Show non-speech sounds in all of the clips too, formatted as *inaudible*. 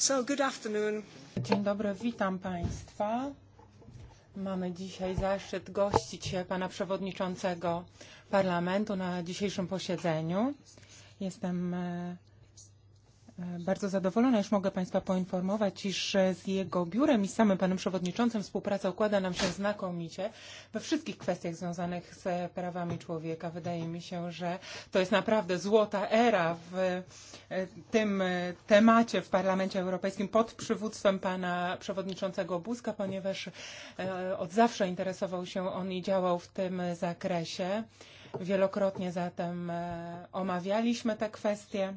So, good afternoon. Dzień dobry, witam Państwa. Mamy dzisiaj zaszczyt gościć Pana Przewodniczącego Parlamentu na dzisiejszym posiedzeniu. Jestem e, E, bardzo zadowolona, już mogę Państwa poinformować, iż e, z jego biurem i samym Panem Przewodniczącym współpraca układa nam się znakomicie we wszystkich kwestiach związanych z prawami człowieka. Wydaje mi się, że to jest naprawdę złota era w e, tym temacie w Parlamencie Europejskim pod przywództwem Pana Przewodniczącego Buzka, ponieważ od zawsze interesował się on i działał w tym zakresie. Wielokrotnie zatem omawialiśmy te kwestie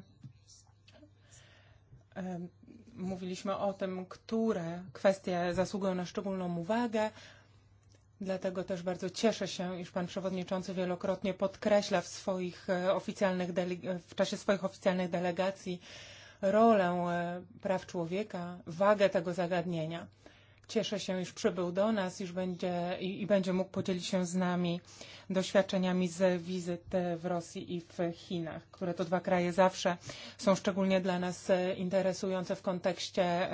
mówiliśmy o tym, które kwestie zasługują na szczególną uwagę. Dlatego też bardzo cieszę się, iż pan przewodniczący wielokrotnie podkreśla w, swoich e, oficjalnych w czasie swoich oficjalnych delegacji rolę e, praw człowieka, wagę tego zagadnienia. Cieszę się, już przybył do nas już będzie, i, i będzie mógł podzielić się z nami doświadczeniami z wizyt w Rosji i w Chinach, które to dwa kraje zawsze są szczególnie dla nas interesujące w kontekście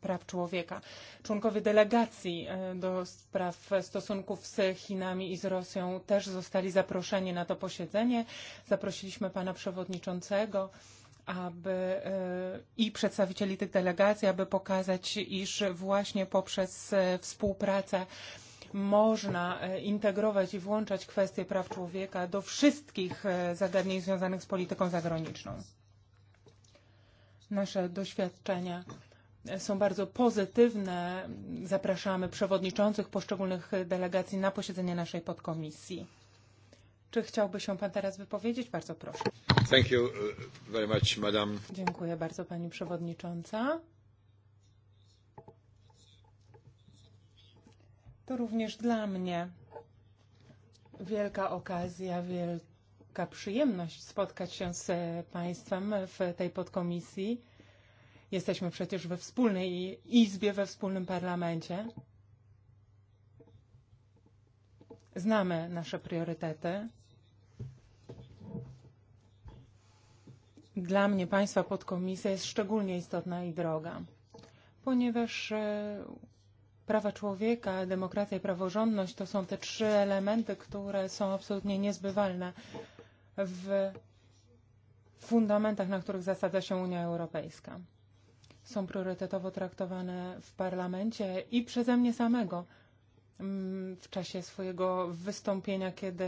praw człowieka. Członkowie delegacji e, do spraw stosunków z Chinami i z Rosją też zostali zaproszeni na to posiedzenie. Zaprosiliśmy pana przewodniczącego aby eh, i przedstawicieli tych delegacji, aby pokazać, iż właśnie poprzez eh, współpracę można eh, integrować i włączać kwestie praw człowieka do wszystkich zagadnień związanych z polityką zagraniczną. Nasze doświadczenia są bardzo pozytywne. Zapraszamy przewodniczących poszczególnych delegacji na posiedzenie naszej podkomisji. Czy chciałby się pan teraz wypowiedzieć? Bardzo proszę. Thank you uh, very much, madam. Dziękuję bardzo pani przewodnicząca. To również dla mnie wielka okazja, wielka przyjemność spotkać się z państwem w tej podkomisji. Jesteśmy przecież we wspólnej izbie, we wspólnym parlamencie. Znamy nasze priorytety. dla mnie Państwa podkomisja jest szczególnie istotna i droga, ponieważ e, prawa człowieka, demokracja i praworządność to są te trzy elementy, które są absolutnie niezbywalne w fundamentach, na których zasadza się Unia Europejska. Są priorytetowo traktowane w parlamencie i przeze mnie samego w mm, czasie swojego wystąpienia, kiedy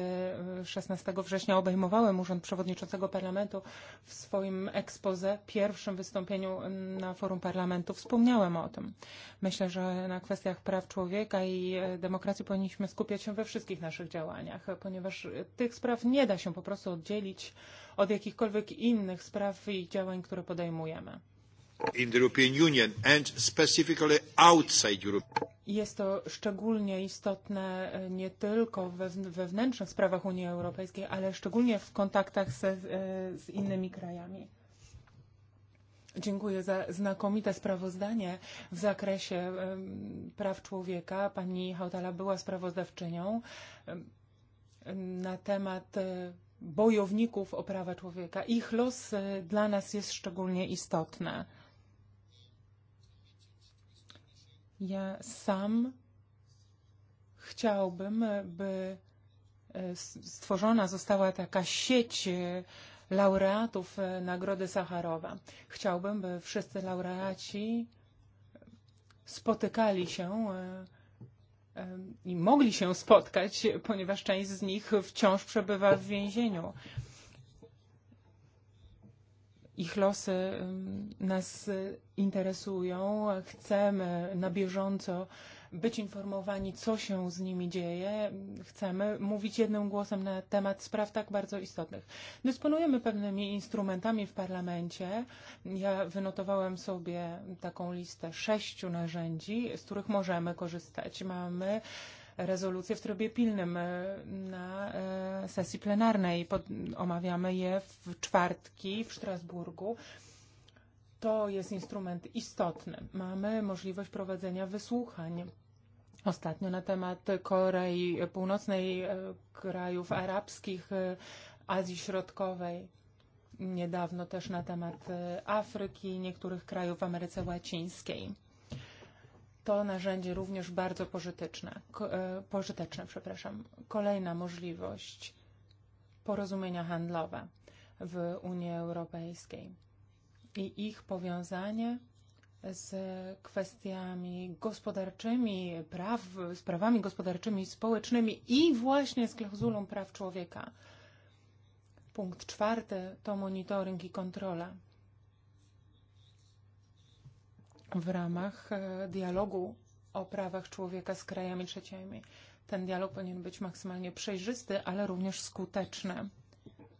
16 e, września obejmowałem urząd przewodniczącego parlamentu w swoim ekspoze, pierwszym wystąpieniu mm, na forum parlamentu, wspomniałem o tym. Myślę, że na kwestiach praw człowieka i e, demokracji powinniśmy skupiać się we wszystkich naszych działaniach, ponieważ e, tych spraw nie da się po prostu oddzielić od jakichkolwiek innych spraw i działań, które podejmujemy. Jest to szczególnie istotne e, nie tylko we wewnętrznych sprawach Unii Europejskiej, ale szczególnie w kontaktach z, e, z innymi krajami. Dziękuję za znakomite sprawozdanie w zakresie praw człowieka. Pani Hautala była sprawozdawczynią na temat e, bojowników o prawa człowieka. Ich los dla nas jest szczególnie istotny. Ja sam chciałbym, by e, stworzona została taka sieć e, laureatów e, Nagrody Sacharowa. Chciałbym, by wszyscy laureaci spotykali się i mogli się spotkać, ponieważ część z nich wciąż przebywa w więzieniu ich losy nas interesują. Chcemy na bieżąco być informowani, co się z nimi dzieje. Chcemy mówić jednym głosem na temat spraw tak bardzo istotnych. Dysponujemy pewnymi instrumentami w parlamencie. Ja wynotowałem sobie taką listę sześciu narzędzi, z których możemy korzystać. Mamy rezolucje w trybie pilnym eh, na eh, sesji plenarnej. Pod, omawiamy je w czwartki w Strasburgu. To jest instrument istotny. Mamy możliwość prowadzenia wysłuchań ostatnio na temat Korei Północnej, e, krajów arabskich, e, Azji Środkowej, niedawno też na temat e, Afryki, niektórych krajów w Ameryce Łacińskiej to narzędzie również bardzo pożyteczne. E, pożyteczne przepraszam. Kolejna możliwość porozumienia handlowe w Unii Europejskiej i ich powiązanie z kwestiami gospodarczymi, praw, z prawami gospodarczymi, społecznymi i właśnie z klauzulą praw człowieka. Punkt czwarty to monitoring i kontrola w ramach eh, dialogu o prawach człowieka z krajami trzecimi. Ten dialog powinien być maksymalnie przejrzysty, ale również skuteczny.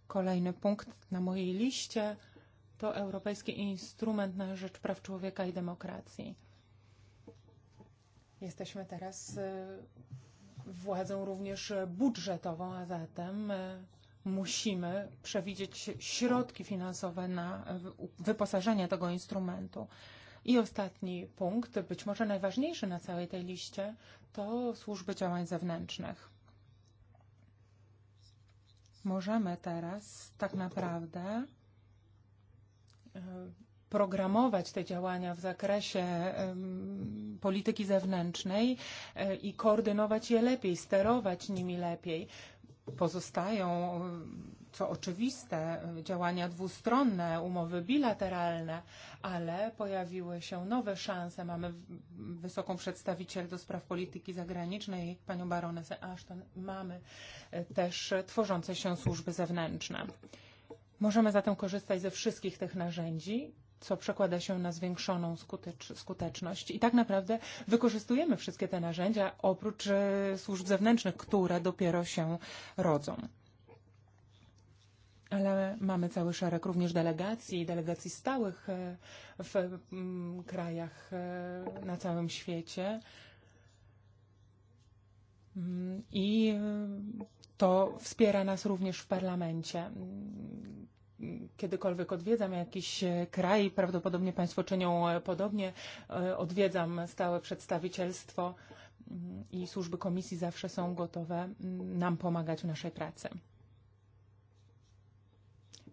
Kolejny punkt na mojej liście to Europejski Instrument na Rzecz Praw Człowieka i Demokracji. Jesteśmy teraz eh, władzą również budżetową, a zatem eh, musimy przewidzieć środki finansowe na wyposażenie tego instrumentu. I ostatni punkt, być może najważniejszy na całej tej liście, to służby działań zewnętrznych. Możemy teraz tak naprawdę e, programować te działania w zakresie polityki zewnętrznej e, i koordynować je lepiej, sterować nimi lepiej. Pozostają co oczywiste, e, działania dwustronne, umowy bilateralne, ale pojawiły się nowe szanse. Mamy wysoką przedstawiciel do spraw polityki zagranicznej, panią baronesę Ashton. Mamy e, też tworzące się służby zewnętrzne. Możemy zatem korzystać ze wszystkich tych narzędzi, co przekłada się na zwiększoną skutecz, skuteczność. I tak naprawdę wykorzystujemy wszystkie te narzędzia oprócz e, służb zewnętrznych, które dopiero się rodzą ale mamy cały szereg również delegacji, delegacji stałych e, w krajach e, na całym świecie. Mm, I e, to wspiera nas również w parlamencie. Mm, kiedykolwiek odwiedzam jakiś kraj, prawdopodobnie Państwo czynią podobnie, odwiedzam stałe przedstawicielstwo mm, i służby komisji zawsze są gotowe nam pomagać w naszej pracy.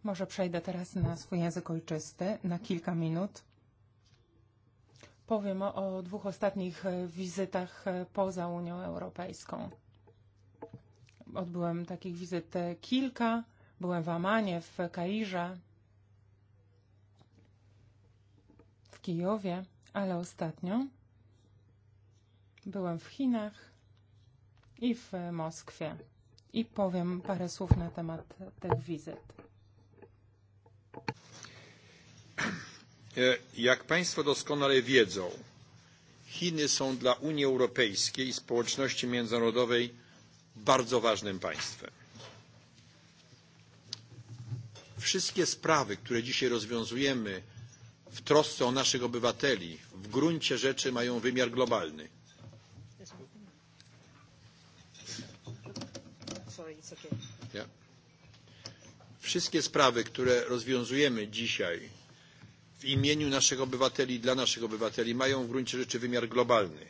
Może przejdę teraz na swój język ojczysty eh? na kilka minut. Powiem o, o dwóch ostatnich wizytach eh, eh, poza Unią Europejską. Odbyłem takich wizyt kilka. Byłem w Amanie, w Kairze, w Kijowie, ale ostatnio byłem w Chinach i w Moskwie. I powiem parę słów na temat tych wizyt. E, jak Państwo doskonale wiedzą, Chiny są dla Unii Europejskiej i społeczności międzynarodowej bardzo ważnym państwem. Wszystkie sprawy, które dzisiaj rozwiązujemy w trosce o naszych obywateli, w gruncie rzeczy mają wymiar globalny. Wszystkie sprawy, które rozwiązujemy dzisiaj w imieniu naszych obywateli i dla naszych obywateli mają w gruncie rzeczy wymiar globalny.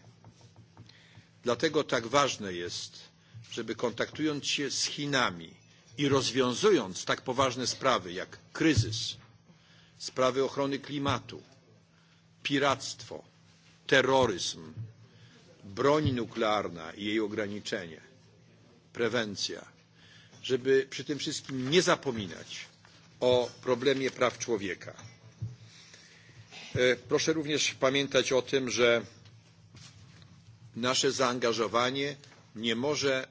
Dlatego tak ważne jest, żeby kontaktując się z Chinami i rozwiązując tak poważne sprawy jak kryzys, sprawy ochrony klimatu, piractwo, terroryzm, broń nuklearna i jej ograniczenie, prewencja, żeby przy tym wszystkim nie zapominać o problemie praw człowieka E, proszę również pamiętać o tym, że nasze zaangażowanie nie może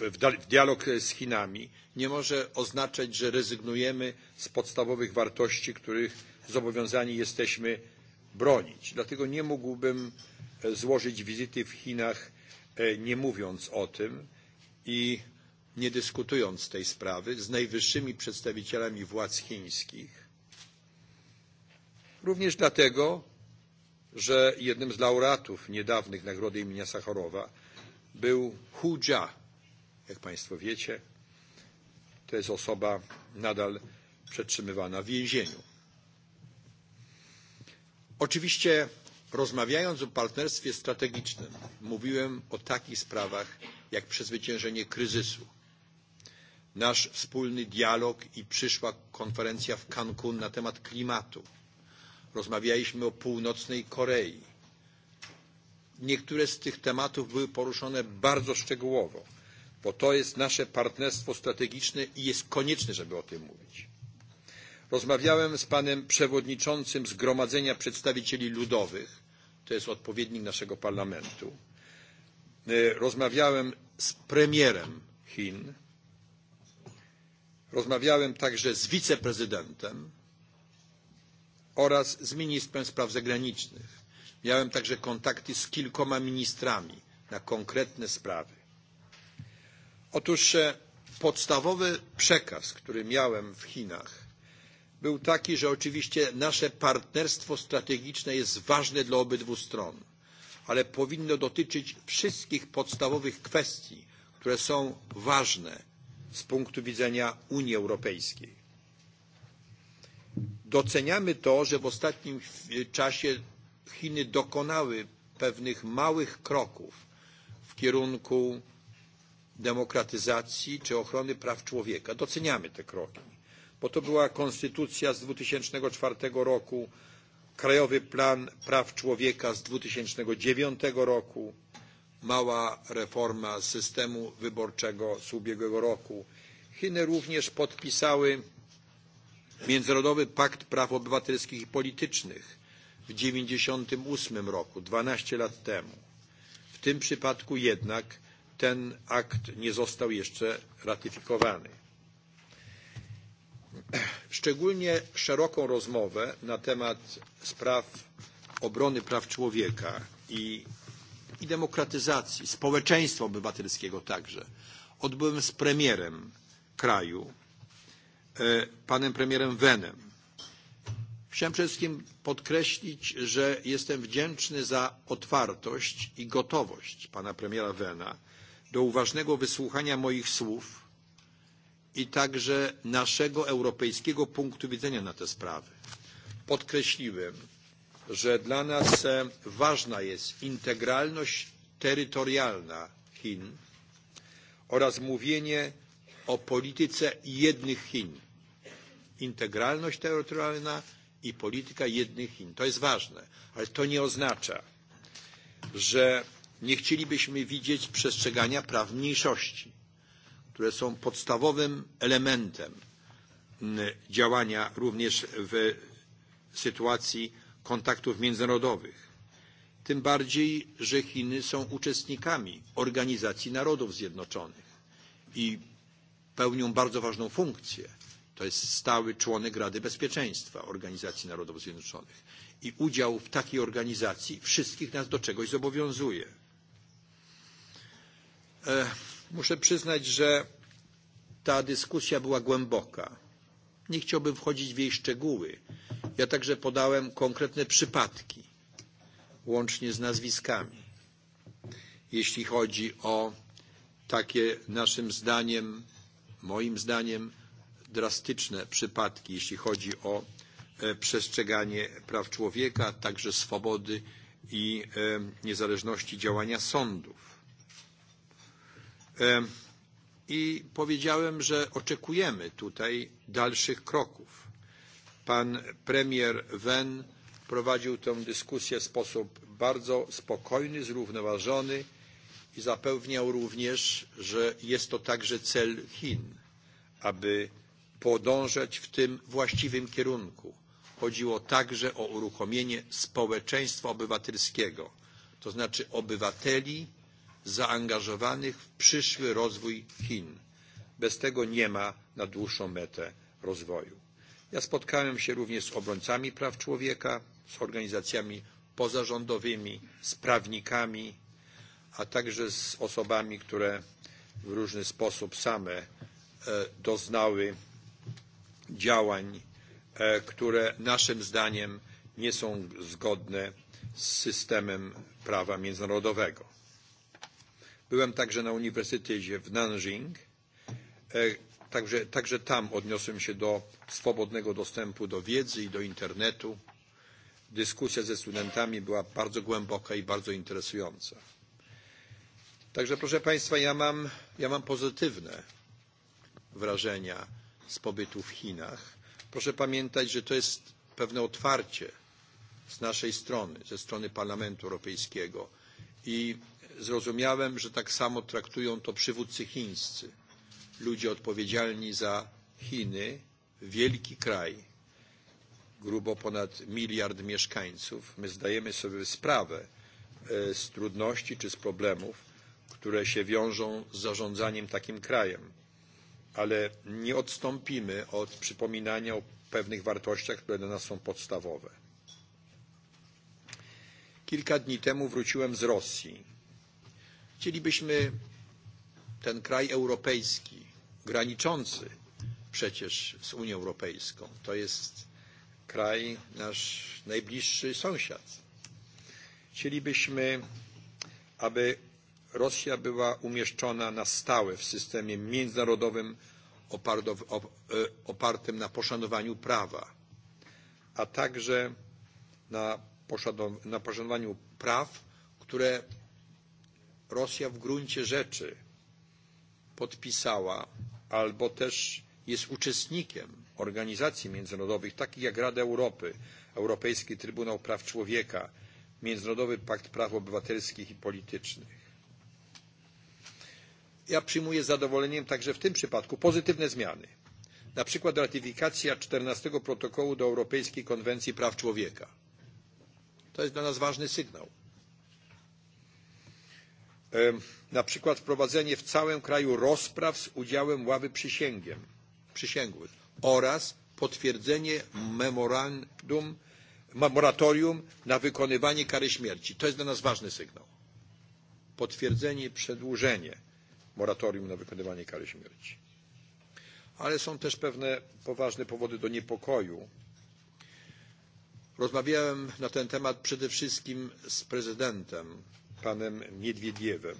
w dialog z Chinami nie może oznaczać, że rezygnujemy z podstawowych wartości, których zobowiązani jesteśmy bronić. Dlatego nie mógłbym e, złożyć wizyty w Chinach e, nie mówiąc o tym i nie dyskutując tej sprawy z najwyższymi przedstawicielami władz chińskich Również dlatego, że jednym z laureatów niedawnych Nagrody imienia Sacharowa był Hu Jia. Jak Państwo wiecie, to jest osoba nadal przetrzymywana w więzieniu. Oczywiście rozmawiając o partnerstwie strategicznym mówiłem o takich sprawach jak przezwyciężenie kryzysu, nasz wspólny dialog i przyszła konferencja w Cancun na temat klimatu – Rozmawialiśmy o północnej Korei. Niektóre z tych tematów były poruszone bardzo szczegółowo, bo to jest nasze partnerstwo strategiczne i jest konieczne, żeby o tym mówić. Rozmawiałem z panem przewodniczącym Zgromadzenia Przedstawicieli Ludowych, to jest odpowiednik naszego parlamentu. E, rozmawiałem z premierem Chin. Rozmawiałem także z wiceprezydentem oraz z ministrem spraw zagranicznych. Miałem także kontakty z kilkoma ministrami na konkretne sprawy. Otóż e, podstawowy przekaz, który miałem w Chinach, był taki, że oczywiście nasze partnerstwo strategiczne jest ważne dla obydwu stron, ale powinno dotyczyć wszystkich podstawowych kwestii, które są ważne z punktu widzenia Unii Europejskiej. Doceniamy to, że w ostatnim czasie Chiny dokonały pewnych małych kroków w kierunku demokratyzacji czy ochrony praw człowieka. Doceniamy te kroki, bo to była konstytucja z 2004 roku, Krajowy Plan Praw Człowieka z 2009 roku, mała reforma systemu wyborczego z ubiegłego roku. Chiny również podpisały Międzynarodowy Pakt Praw Obywatelskich i Politycznych w 1998 roku, 12 lat temu. W tym przypadku jednak ten akt nie został jeszcze ratyfikowany. Szczególnie szeroką rozmowę na temat spraw obrony praw człowieka i, i demokratyzacji, społeczeństwa obywatelskiego także, odbyłem z premierem kraju, E, panem premierem Wenem. Chciałem przede wszystkim podkreślić, że jestem wdzięczny za otwartość i gotowość pana premiera Wena do uważnego wysłuchania moich słów i także naszego europejskiego punktu widzenia na te sprawy. Podkreśliłem, że dla nas e, ważna jest integralność terytorialna Chin oraz mówienie o polityce jednych Chin integralność terytorialna i polityka jednych Chin. To jest ważne, ale to nie oznacza, że nie chcielibyśmy widzieć przestrzegania praw mniejszości, które są podstawowym elementem mm, działania również w sytuacji kontaktów międzynarodowych. Tym bardziej, że Chiny są uczestnikami Organizacji Narodów Zjednoczonych i pełnią bardzo ważną funkcję to jest stały członek Rady Bezpieczeństwa Organizacji Narodów Zjednoczonych. I udział w takiej organizacji wszystkich nas do czegoś zobowiązuje. E, muszę przyznać, że ta dyskusja była głęboka. Nie chciałbym wchodzić w jej szczegóły. Ja także podałem konkretne przypadki, łącznie z nazwiskami, jeśli chodzi o takie naszym zdaniem, moim zdaniem, drastyczne przypadki, jeśli chodzi o e, przestrzeganie praw człowieka, także swobody i e, niezależności działania sądów. E, I powiedziałem, że oczekujemy tutaj dalszych kroków. Pan premier Wen prowadził tę dyskusję w sposób bardzo spokojny, zrównoważony i zapewniał również, że jest to także cel Chin, aby podążać w tym właściwym kierunku. Chodziło także o uruchomienie społeczeństwa obywatelskiego, to znaczy obywateli zaangażowanych w przyszły rozwój Chin. Bez tego nie ma na dłuższą metę rozwoju. Ja spotkałem się również z obrońcami praw człowieka, z organizacjami pozarządowymi, z prawnikami, a także z osobami, które w różny sposób same e, doznały działań, e, które naszym zdaniem nie są zgodne z systemem prawa międzynarodowego. Byłem także na Uniwersytecie w Nanjing, e, także, także tam odniosłem się do swobodnego dostępu do wiedzy i do internetu. Dyskusja ze studentami była bardzo głęboka i bardzo interesująca. Także proszę Państwa, ja mam, ja mam pozytywne wrażenia z pobytu w Chinach. Proszę pamiętać, że to jest pewne otwarcie z naszej strony, ze strony Parlamentu Europejskiego i zrozumiałem, że tak samo traktują to przywódcy chińscy, ludzie odpowiedzialni za Chiny, wielki kraj, grubo ponad miliard mieszkańców. My zdajemy sobie sprawę e, z trudności czy z problemów, które się wiążą z zarządzaniem takim krajem ale nie odstąpimy od przypominania o pewnych wartościach, które dla nas są podstawowe. Kilka dni temu wróciłem z Rosji. Chcielibyśmy ten kraj europejski, graniczący przecież z Unią Europejską, to jest kraj nasz najbliższy sąsiad. Chcielibyśmy, aby Rosja była umieszczona na stałe w systemie międzynarodowym e, opartym na poszanowaniu prawa, a także na, poszanowaniu praw, które Rosja w gruncie rzeczy podpisała albo też jest uczestnikiem organizacji międzynarodowych, takich jak Rada Europy, Europejski Trybunał Praw Człowieka, Międzynarodowy Pakt Praw Obywatelskich i Politycznych ja przyjmuję z zadowoleniem także w tym przypadku pozytywne zmiany, na przykład ratyfikacja 14 protokołu do Europejskiej Konwencji Praw Człowieka. To jest dla nas ważny sygnał. Na przykład wprowadzenie w całym kraju rozpraw z udziałem ławy przysięgiem, przysięgłych oraz potwierdzenie memorandum, moratorium na wykonywanie kary śmierci. To jest dla nas ważny sygnał. Potwierdzenie, przedłużenie moratorium na wykonywanie kary śmierci. Ale są też pewne poważne powody do niepokoju. Rozmawiałem na ten temat przede wszystkim z prezydentem, panem Miedwiediewem.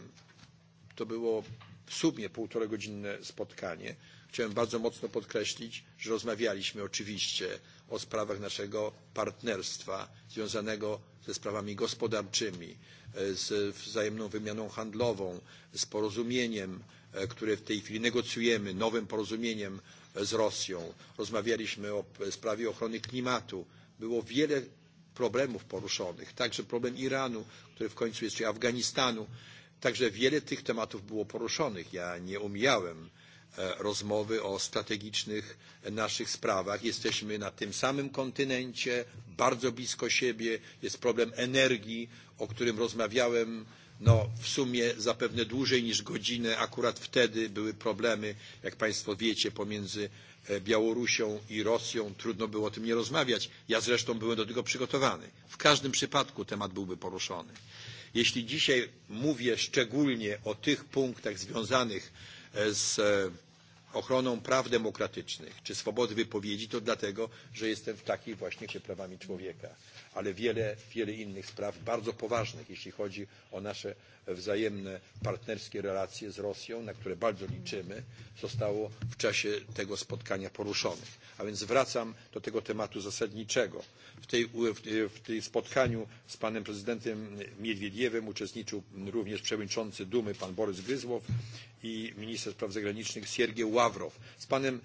To było w sumie półtoregodzinne spotkanie. Chciałem bardzo mocno podkreślić, że rozmawialiśmy oczywiście o sprawach naszego partnerstwa związanego ze sprawami gospodarczymi, e, z wzajemną wymianą handlową, z porozumieniem, e, które w tej chwili negocjujemy, nowym porozumieniem e, z Rosją. Rozmawialiśmy o sprawie ochrony klimatu. Było wiele problemów poruszonych, także problem Iranu, który w końcu jest, czy Afganistanu. Także wiele tych tematów było poruszonych. Ja nie umiałem. Eh, rozmowy o strategicznych naszych sprawach. Jesteśmy na tym samym kontynencie, bardzo blisko siebie. Jest problem energii, o którym rozmawiałem no, w sumie zapewne dłużej niż godzinę. Akurat wtedy były problemy, jak Państwo wiecie, pomiędzy e, Białorusią i Rosją. Trudno było o tym nie rozmawiać. Ja zresztą byłem do tego przygotowany. W każdym przypadku temat byłby poruszony. Jeśli dzisiaj mówię szczególnie o tych punktach związanych z ochroną praw demokratycznych czy swobody wypowiedzi, to dlatego, że jestem w takiej właśnie prawami człowieka ale wiele, wiele innych spraw bardzo poważnych, jeśli chodzi o nasze wzajemne partnerskie relacje z Rosją, na które bardzo liczymy, zostało w czasie tego spotkania poruszonych. A więc wracam do tego tematu zasadniczego. W, tej, w, w tej spotkaniu z panem prezydentem Miedwiediewem uczestniczył również przewodniczący Dumy pan Borys Gryzłow i minister spraw zagranicznych Siergiej Ławrow. Z panem,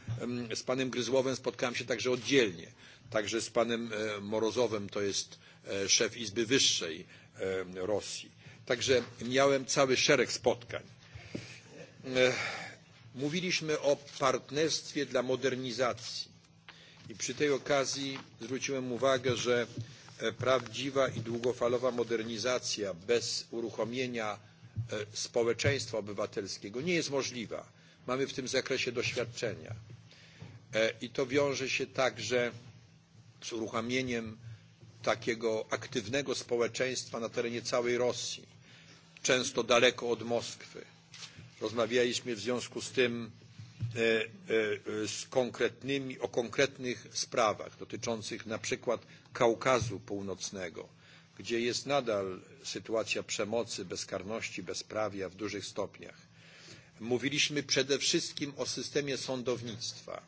z panem Gryzłowem spotkałem się także oddzielnie. Także z panem e, Morozowem, to jest e, szef Izby Wyższej e, Rosji. Także miałem cały szereg spotkań. Mówiliśmy o partnerstwie dla modernizacji i przy tej okazji zwróciłem uwagę, że prawdziwa i długofalowa modernizacja bez uruchomienia społeczeństwa obywatelskiego nie jest możliwa. Mamy w tym zakresie doświadczenia. I to wiąże się także z uruchomieniem takiego aktywnego społeczeństwa na terenie całej Rosji, często daleko od Moskwy. Rozmawialiśmy w związku z tym e, e, e, z konkretnymi, o konkretnych sprawach dotyczących na przykład Kaukazu Północnego, gdzie jest nadal sytuacja przemocy, bezkarności, bezprawia w dużych stopniach. Mówiliśmy przede wszystkim o systemie sądownictwa,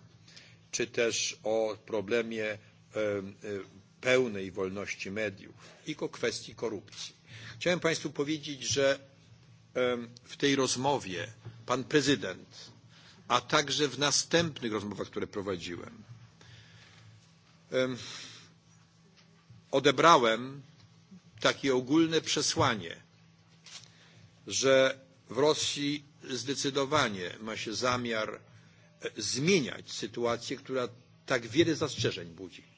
czy też o problemie E, e, pełnej wolności mediów i o kwestii korupcji. Chciałem Państwu powiedzieć, że e, w tej rozmowie pan prezydent, a także w następnych rozmowach, które prowadziłem, odebrałem takie ogólne przesłanie, że w Rosji zdecydowanie ma się zamiar zmieniać sytuację, która tak wiele zastrzeżeń budzi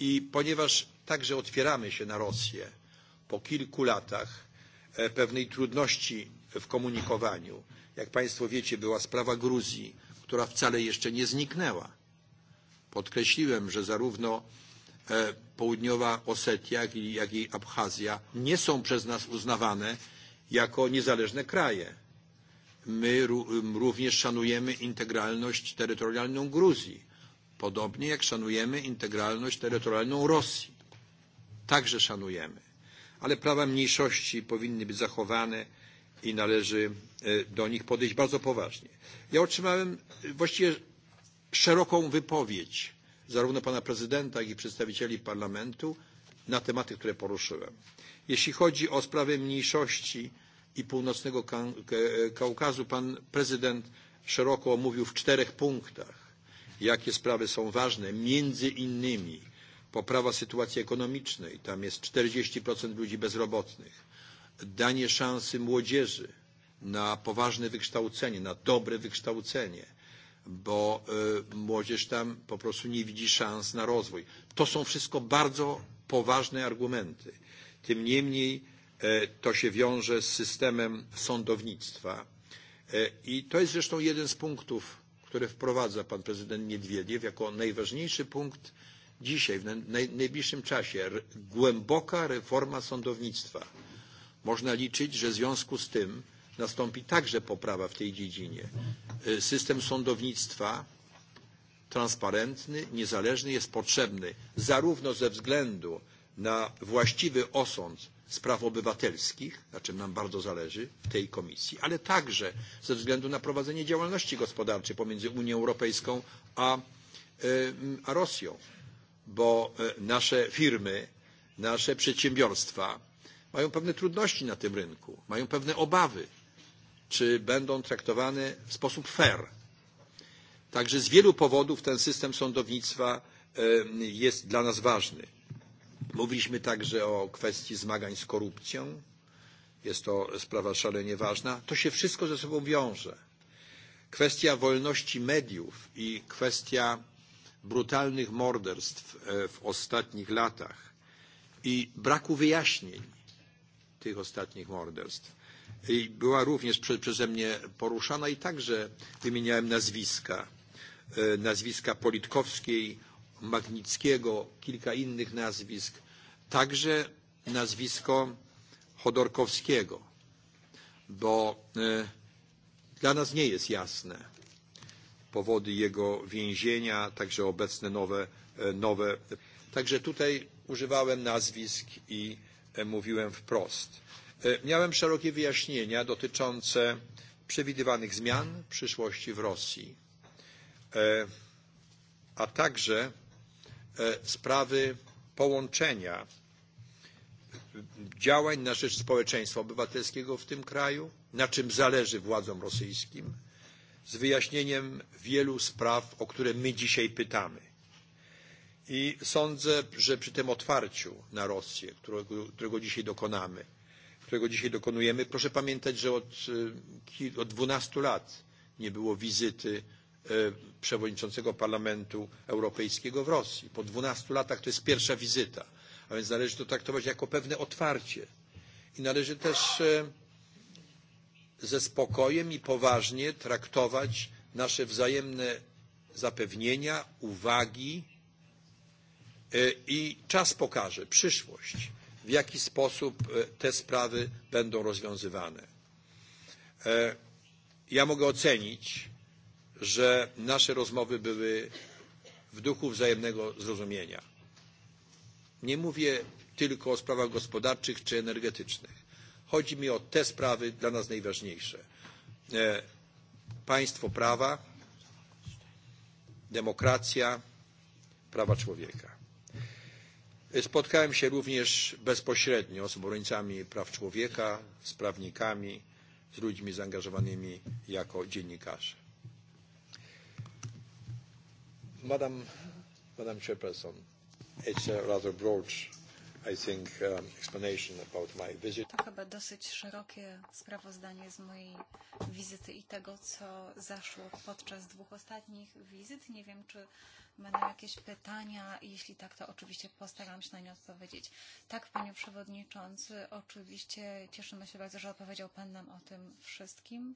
i ponieważ także otwieramy się na Rosję po kilku latach e, pewnej trudności w komunikowaniu, jak Państwo wiecie, była sprawa Gruzji, która wcale jeszcze nie zniknęła. Podkreśliłem, że zarówno e, południowa Osetia, jak i Abchazja nie są przez nas uznawane jako niezależne kraje. My również szanujemy integralność terytorialną Gruzji Podobnie jak szanujemy integralność terytorialną Rosji. Także szanujemy. Ale prawa mniejszości powinny być zachowane i należy e, do nich podejść bardzo poważnie. Ja otrzymałem e, właściwie szeroką wypowiedź zarówno pana prezydenta, jak i przedstawicieli parlamentu na tematy, które poruszyłem. Jeśli chodzi o sprawę mniejszości i północnego Kaukazu, pan prezydent szeroko omówił w czterech punktach jakie sprawy są ważne, między innymi poprawa sytuacji ekonomicznej, tam jest 40% ludzi bezrobotnych, danie szansy młodzieży na poważne wykształcenie, na dobre wykształcenie, bo młodzież tam po prostu nie widzi szans na rozwój. To są wszystko bardzo poważne argumenty. Tym niemniej to się wiąże z systemem sądownictwa i to jest zresztą jeden z punktów które wprowadza pan prezydent Niedwiediew jako najważniejszy punkt dzisiaj, w najbliższym czasie. Głęboka reforma sądownictwa. Można liczyć, że w związku z tym nastąpi także poprawa w tej dziedzinie. System sądownictwa transparentny, niezależny jest potrzebny zarówno ze względu na właściwy osąd Spraw Obywatelskich, na czym nam bardzo zależy w tej komisji, ale także ze względu na prowadzenie działalności gospodarczej pomiędzy Unią Europejską a, a Rosją, bo e, nasze firmy, nasze przedsiębiorstwa mają pewne trudności na tym rynku, mają pewne obawy, czy będą traktowane w sposób fair. Także z wielu powodów ten system sądownictwa jest dla nas ważny Mówiliśmy także o kwestii zmagań z korupcją. Jest to sprawa szalenie ważna. To się wszystko ze sobą wiąże. Kwestia wolności mediów i kwestia brutalnych morderstw e, w ostatnich latach i braku wyjaśnień tych ostatnich morderstw i była również przeze mnie poruszana i także wymieniałem nazwiska. E, nazwiska Politkowskiej, Magnickiego, kilka innych nazwisk także nazwisko Chodorkowskiego, bo e, dla nas nie jest jasne powody jego więzienia, także obecne nowe, e, nowe. Także tutaj używałem nazwisk i e, mówiłem wprost. Miałem szerokie wyjaśnienia dotyczące przewidywanych zmian w przyszłości w Rosji, a także sprawy połączenia działań na rzecz społeczeństwa obywatelskiego w tym kraju, na czym zależy władzom rosyjskim, z wyjaśnieniem wielu spraw, o które my dzisiaj pytamy. I sądzę, że przy tym otwarciu na Rosję, którego, którego dzisiaj dokonamy, którego dzisiaj dokonujemy, proszę pamiętać, że od, od 12 lat nie było wizyty przewodniczącego Parlamentu Europejskiego w Rosji. Po 12 latach to jest pierwsza wizyta a więc należy to traktować jako pewne otwarcie. I należy też e, ze spokojem i poważnie traktować nasze wzajemne zapewnienia, uwagi e, i czas pokaże, przyszłość, w jaki sposób e, te sprawy będą rozwiązywane. Ja mogę ocenić, że nasze rozmowy były w duchu wzajemnego zrozumienia. Nie mówię tylko o sprawach gospodarczych czy energetycznych. Chodzi mi o te sprawy dla nas najważniejsze. E, państwo prawa, demokracja, prawa człowieka. E, spotkałem się również bezpośrednio z obrońcami praw człowieka, z prawnikami, z ludźmi zaangażowanymi jako dziennikarze. Madam, Madam Chairperson, It's a rather broad, I think, um, explanation about my visit. To chyba dosyć szerokie sprawozdanie z mojej wizyty i tego, co zaszło podczas dwóch ostatnich wizyt. Nie wiem, czy będą jakieś pytania. Jeśli tak, to oczywiście postaram się na nie odpowiedzieć. Tak, panie przewodniczący, oczywiście cieszymy się bardzo, że opowiedział pan nam o tym wszystkim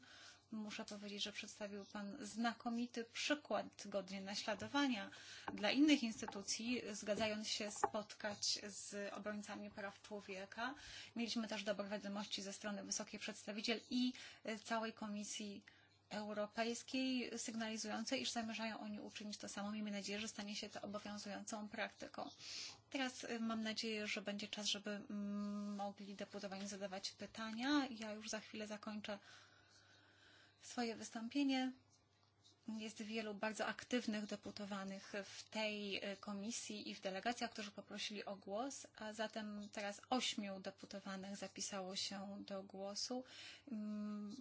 muszę powiedzieć, że przedstawił Pan znakomity przykład godnie naśladowania dla innych instytucji, zgadzając się spotkać z obrońcami praw człowieka. Mieliśmy też dobre wiadomości ze strony Wysokiej Przedstawiciel i e, całej Komisji Europejskiej, sygnalizującej, iż zamierzają oni uczynić to samo. Miejmy nadzieję, że stanie się to obowiązującą praktyką. Teraz e, mam nadzieję, że będzie czas, żeby mm, mogli deputowani zadawać pytania. Ja już za chwilę zakończę swoje wystąpienie. Jest wielu bardzo aktywnych deputowanych w tej e, komisji i w delegacjach, którzy poprosili o głos, a zatem teraz ośmiu deputowanych zapisało się do głosu. Mm,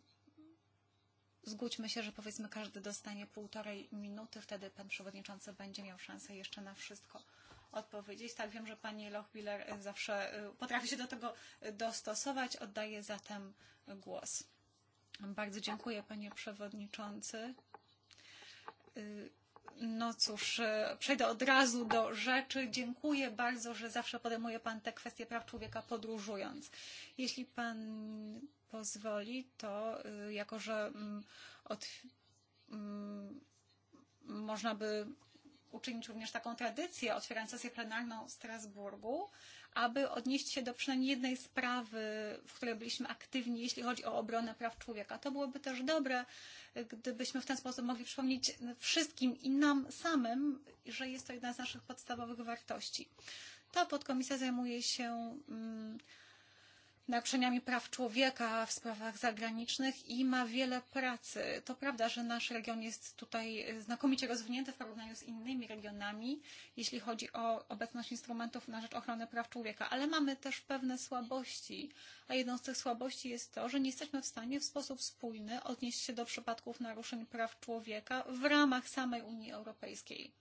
zgódźmy się, że powiedzmy każdy dostanie półtorej minuty, wtedy pan przewodniczący będzie miał szansę jeszcze na wszystko odpowiedzieć. Tak, wiem, że pani Lochbiller zawsze e, potrafi się do tego e, dostosować. Oddaję zatem głos. Bardzo dziękuję, panie przewodniczący. No cóż, przejdę od razu do rzeczy. Dziękuję bardzo, że zawsze podejmuje Pan te kwestie praw człowieka podróżując. Jeśli Pan pozwoli, to jako, że mm, od, mm, można by uczynić również taką tradycję, otwierając sesję plenarną w Strasburgu, aby odnieść się do przynajmniej jednej sprawy, w której byliśmy aktywni, jeśli chodzi o obronę praw człowieka. To byłoby też dobre, gdybyśmy w ten sposób mogli przypomnieć wszystkim i nam samym, że jest to jedna z naszych podstawowych wartości. Ta podkomisja zajmuje się. Mm, naruszeniami praw człowieka w sprawach zagranicznych i ma wiele pracy. To prawda, że nasz region jest tutaj znakomicie rozwinięty w porównaniu z innymi regionami, jeśli chodzi o obecność instrumentów na rzecz ochrony praw człowieka, ale mamy też pewne słabości, a jedną z tych słabości jest to, że nie jesteśmy w stanie w sposób spójny odnieść się do przypadków naruszeń praw człowieka w ramach samej Unii Europejskiej.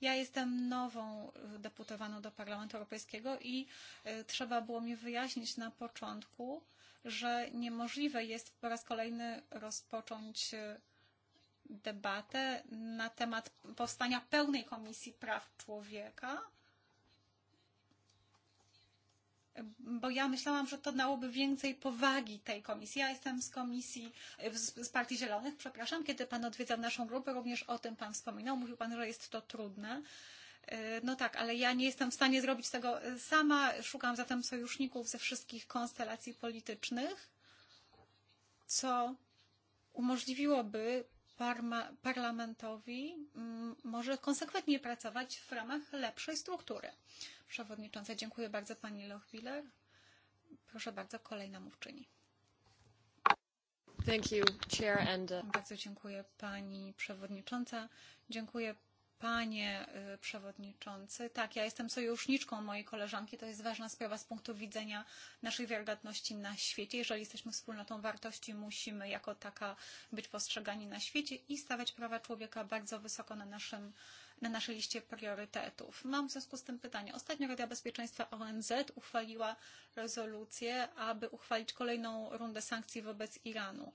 Ja jestem nową e, deputowaną do Parlamentu Europejskiego i e, trzeba było mi wyjaśnić na początku, że niemożliwe jest po raz kolejny rozpocząć e, debatę na temat powstania pełnej Komisji Praw Człowieka bo ja myślałam, że to dałoby więcej powagi tej komisji. Ja jestem z komisji, z, z Partii Zielonych, przepraszam, kiedy pan odwiedzał naszą grupę, również o tym pan wspominał, mówił pan, że jest to trudne. E, no tak, ale ja nie jestem w stanie zrobić tego sama. Szukam zatem sojuszników ze wszystkich konstelacji politycznych, co umożliwiłoby parlamentowi mm, może konsekwentnie pracować w ramach lepszej struktury. Przewodnicząca, dziękuję bardzo Pani Lochwiller. Proszę bardzo, kolejna mówczyni. Thank you, chair and, uh... Bardzo dziękuję Pani Przewodnicząca. Dziękuję Panie Przewodniczący, tak, ja jestem sojuszniczką mojej koleżanki. To jest ważna sprawa z punktu widzenia naszej wiarygodności na świecie. Jeżeli jesteśmy wspólnotą wartości, musimy jako taka być postrzegani na świecie i stawiać prawa człowieka bardzo wysoko na naszym na naszej liście priorytetów. Mam w związku z tym pytanie. Ostatnio Rada Bezpieczeństwa ONZ uchwaliła rezolucję, aby uchwalić kolejną rundę sankcji wobec Iranu.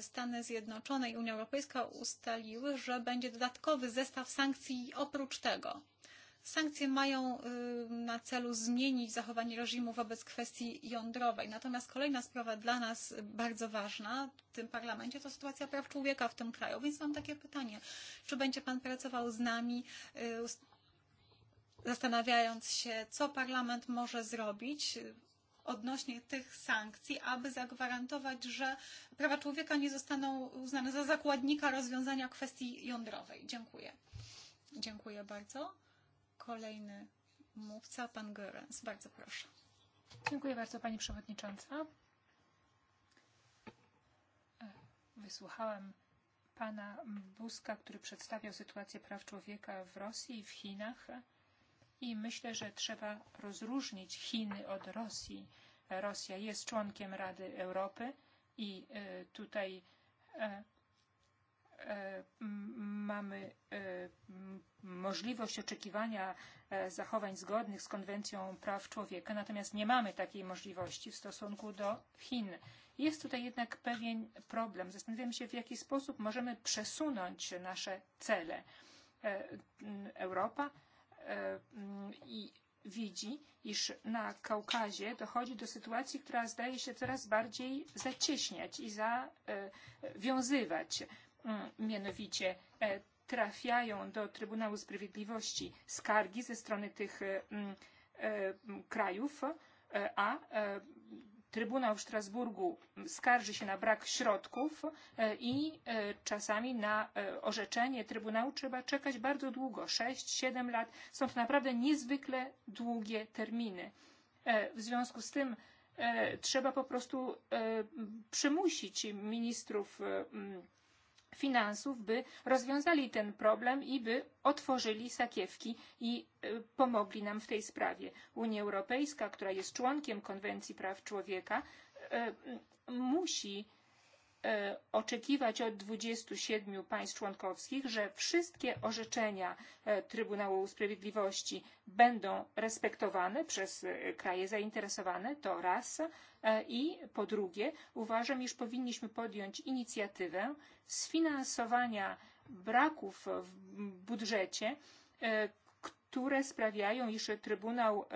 Stany Zjednoczone i Unia Europejska ustaliły, że będzie dodatkowy zestaw sankcji oprócz tego. Sankcje mają na celu zmienić zachowanie reżimu wobec kwestii jądrowej. Natomiast kolejna sprawa dla nas bardzo ważna w tym parlamencie to sytuacja praw człowieka w tym kraju. Więc mam takie pytanie. Czy będzie Pan pracował z nami, zastanawiając się, co parlament może zrobić odnośnie tych sankcji, aby zagwarantować, że prawa człowieka nie zostaną uznane za zakładnika rozwiązania kwestii jądrowej. Dziękuję. Dziękuję bardzo. Kolejny mówca, pan Görens. Bardzo proszę. Dziękuję bardzo, pani przewodnicząca. Wysłuchałem pana Buzka, który przedstawiał sytuację praw człowieka w Rosji i w Chinach. I myślę, że trzeba rozróżnić Chiny od Rosji. Rosja jest członkiem Rady Europy i e, tutaj e, e, mamy możliwość oczekiwania zachowań zgodnych z konwencją praw człowieka, natomiast nie mamy takiej możliwości w stosunku do Chin. Jest tutaj jednak pewien problem. Zastanawiam się, w jaki sposób możemy przesunąć nasze cele. Europa i widzi, iż na Kaukazie dochodzi do sytuacji, która zdaje się coraz bardziej zacieśniać i zawiązywać. E, mm, mianowicie e, trafiają do Trybunału Sprawiedliwości skargi ze strony tych mm, e, krajów, a Trybunał w Strasburgu skarży się na brak środków e, i e, czasami na e, orzeczenie Trybunału trzeba czekać bardzo długo 6-7 lat. Są to naprawdę niezwykle długie terminy. W związku z tym trzeba po prostu przymusić ministrów finansów, by rozwiązali ten problem i by otworzyli sakiewki i pomogli nam w tej sprawie. Unia Europejska, która jest członkiem Konwencji Praw Człowieka, musi E, oczekiwać od 27 państw członkowskich, że wszystkie orzeczenia e, Trybunału Sprawiedliwości będą respektowane przez e, kraje zainteresowane, to raz. I po drugie, uważam, iż powinniśmy podjąć inicjatywę sfinansowania braków w budżecie, które sprawiają, iż Trybunał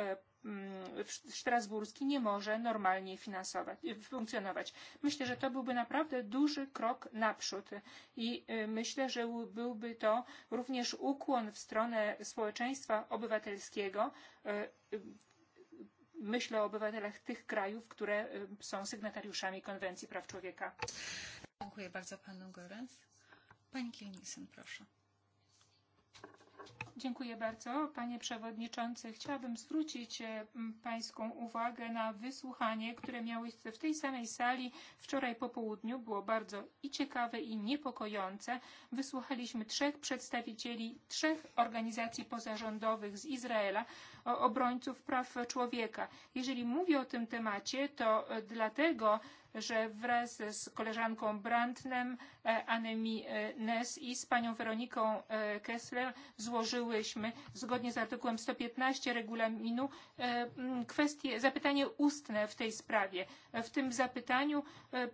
Strasburski nie może normalnie finansować, funkcjonować. Myślę, że to byłby naprawdę duży krok naprzód i e, myślę, że byłby to również ukłon w stronę społeczeństwa obywatelskiego. E, myślę o obywatelach tych krajów, które są sygnatariuszami Konwencji Praw Człowieka. Dziękuję bardzo panu Gorens. Pani Kielnisen, proszę. Dziękuję bardzo, panie przewodniczący. Chciałabym zwrócić e, pańską uwagę na wysłuchanie, które miało miejsce w tej samej sali wczoraj po południu. Było bardzo i ciekawe, i niepokojące. Wysłuchaliśmy trzech przedstawicieli trzech organizacji pozarządowych z Izraela, obrońców praw człowieka. Jeżeli mówię o tym temacie, to e, dlatego, że wraz z koleżanką Brandnem, e, Anemi e, Ness i z panią Weroniką Kessler złożyłyśmy zgodnie z artykułem 115 regulaminu kwestie, zapytanie ustne w tej sprawie. W tym zapytaniu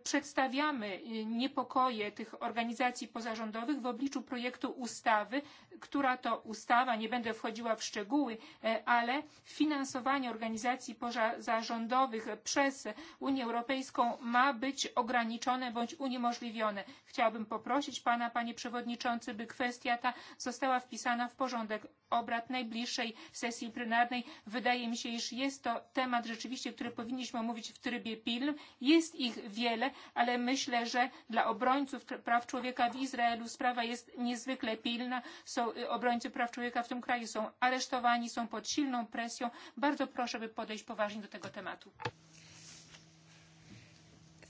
przedstawiamy niepokoje tych organizacji pozarządowych w obliczu projektu ustawy, która to ustawa, nie będę wchodziła w szczegóły, a ale finansowanie organizacji pozarządowych przez Unię Europejską ma być ograniczone bądź uniemożliwione. Chciałabym poprosić Pana, Panie Przewodniczący, by kwestia ta została wpisana w porządek obrad najbliższej sesji plenarnej. Wydaje mi się, iż jest to temat rzeczywiście, który powinniśmy omówić w trybie pilnym. Jest ich wiele, ale myślę, że dla obrońców praw człowieka w Izraelu sprawa jest niezwykle pilna. Są, obrońcy praw człowieka w tym kraju są aresztowani, są pod silną presją. Bardzo proszę, by podejść poważnie do tego tematu.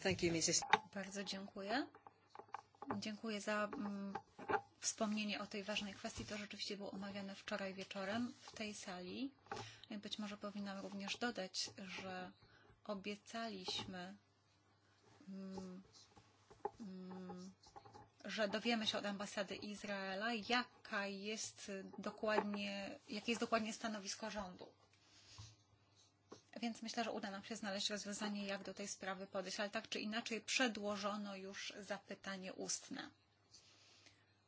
Thank you, Mrs. Bardzo dziękuję. Dziękuję za mm, Wspomnienie o tej ważnej kwestii to rzeczywiście było omawiane wczoraj wieczorem w tej sali. No być może powinnam również dodać, że obiecaliśmy, mm, mm, że dowiemy się od ambasady Izraela, jaka jest dokładnie, jakie jest dokładnie stanowisko rządu. Więc myślę, że uda nam się znaleźć rozwiązanie, jak do tej sprawy podejść, ale tak czy inaczej przedłożono już zapytanie ustne.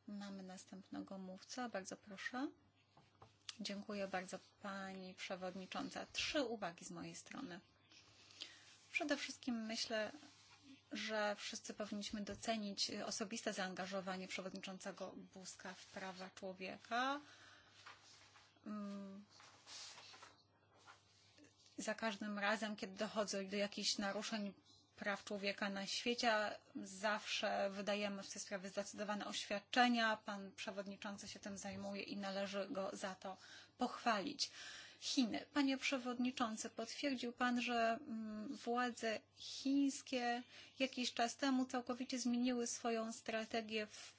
Mamy następnego mówcę. Bardzo proszę. Dziękuję bardzo Pani Przewodnicząca. Trzy uwagi z mojej strony. Przede wszystkim myślę, że wszyscy powinniśmy docenić osobiste zaangażowanie przewodniczącego Buzka w prawa człowieka. Mm. Za każdym razem, kiedy dochodzę do jakichś naruszeń praw człowieka na świecie. Zawsze wydajemy w tej sprawie zdecydowane oświadczenia. Pan przewodniczący się tym zajmuje i należy go za to pochwalić. Chiny. Panie przewodniczący, potwierdził pan, że mm, władze chińskie jakiś czas temu całkowicie zmieniły swoją strategię w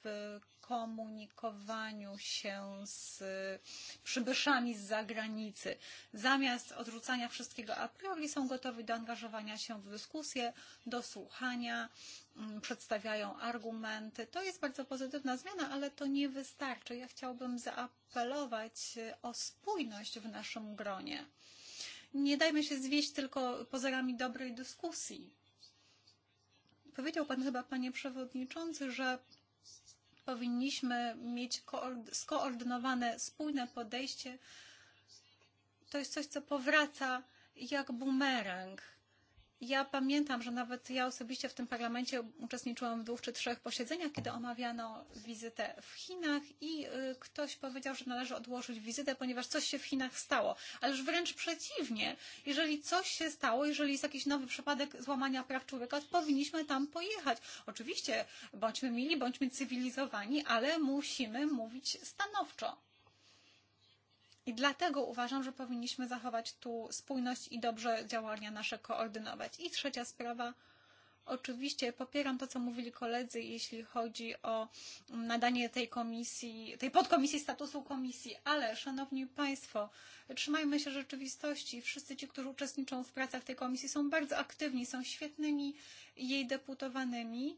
komunikowaniu się z przybyszami z zagranicy. Zamiast odrzucania wszystkiego a priori są gotowi do angażowania się w dyskusję, do słuchania, mm, przedstawiają argumenty. To jest bardzo pozytywna zmiana, ale to nie wystarczy. Ja chciałbym zaapelować e, o spójność w naszym gronie. Nie dajmy się zwieść tylko pozorami dobrej dyskusji. Powiedział Pan chyba, Panie Przewodniczący, że powinniśmy mieć skoordynowane, spójne podejście. To jest coś, co powraca jak bumerang Ja pamiętam, że nawet ja osobiście w tym parlamencie uczestniczyłam w dwóch czy trzech posiedzeniach, kiedy omawiano wizytę w Chinach i y, ktoś powiedział, że należy odłożyć wizytę, ponieważ coś się w Chinach stało. Ależ wręcz przeciwnie. Jeżeli coś się stało, jeżeli jest jakiś nowy przypadek złamania praw człowieka, to powinniśmy tam pojechać. Oczywiście bądźmy mili, bądźmy cywilizowani, ale musimy mówić stanowczo. I dlatego uważam, że powinniśmy zachować tu spójność i dobrze działania nasze koordynować. I trzecia sprawa. Oczywiście popieram to, co mówili koledzy, jeśli chodzi o nadanie tej komisji, tej podkomisji statusu komisji, ale szanowni państwo, trzymajmy się rzeczywistości. Wszyscy ci, którzy uczestniczą w pracach tej komisji są bardzo aktywni, są świetnymi jej deputowanymi,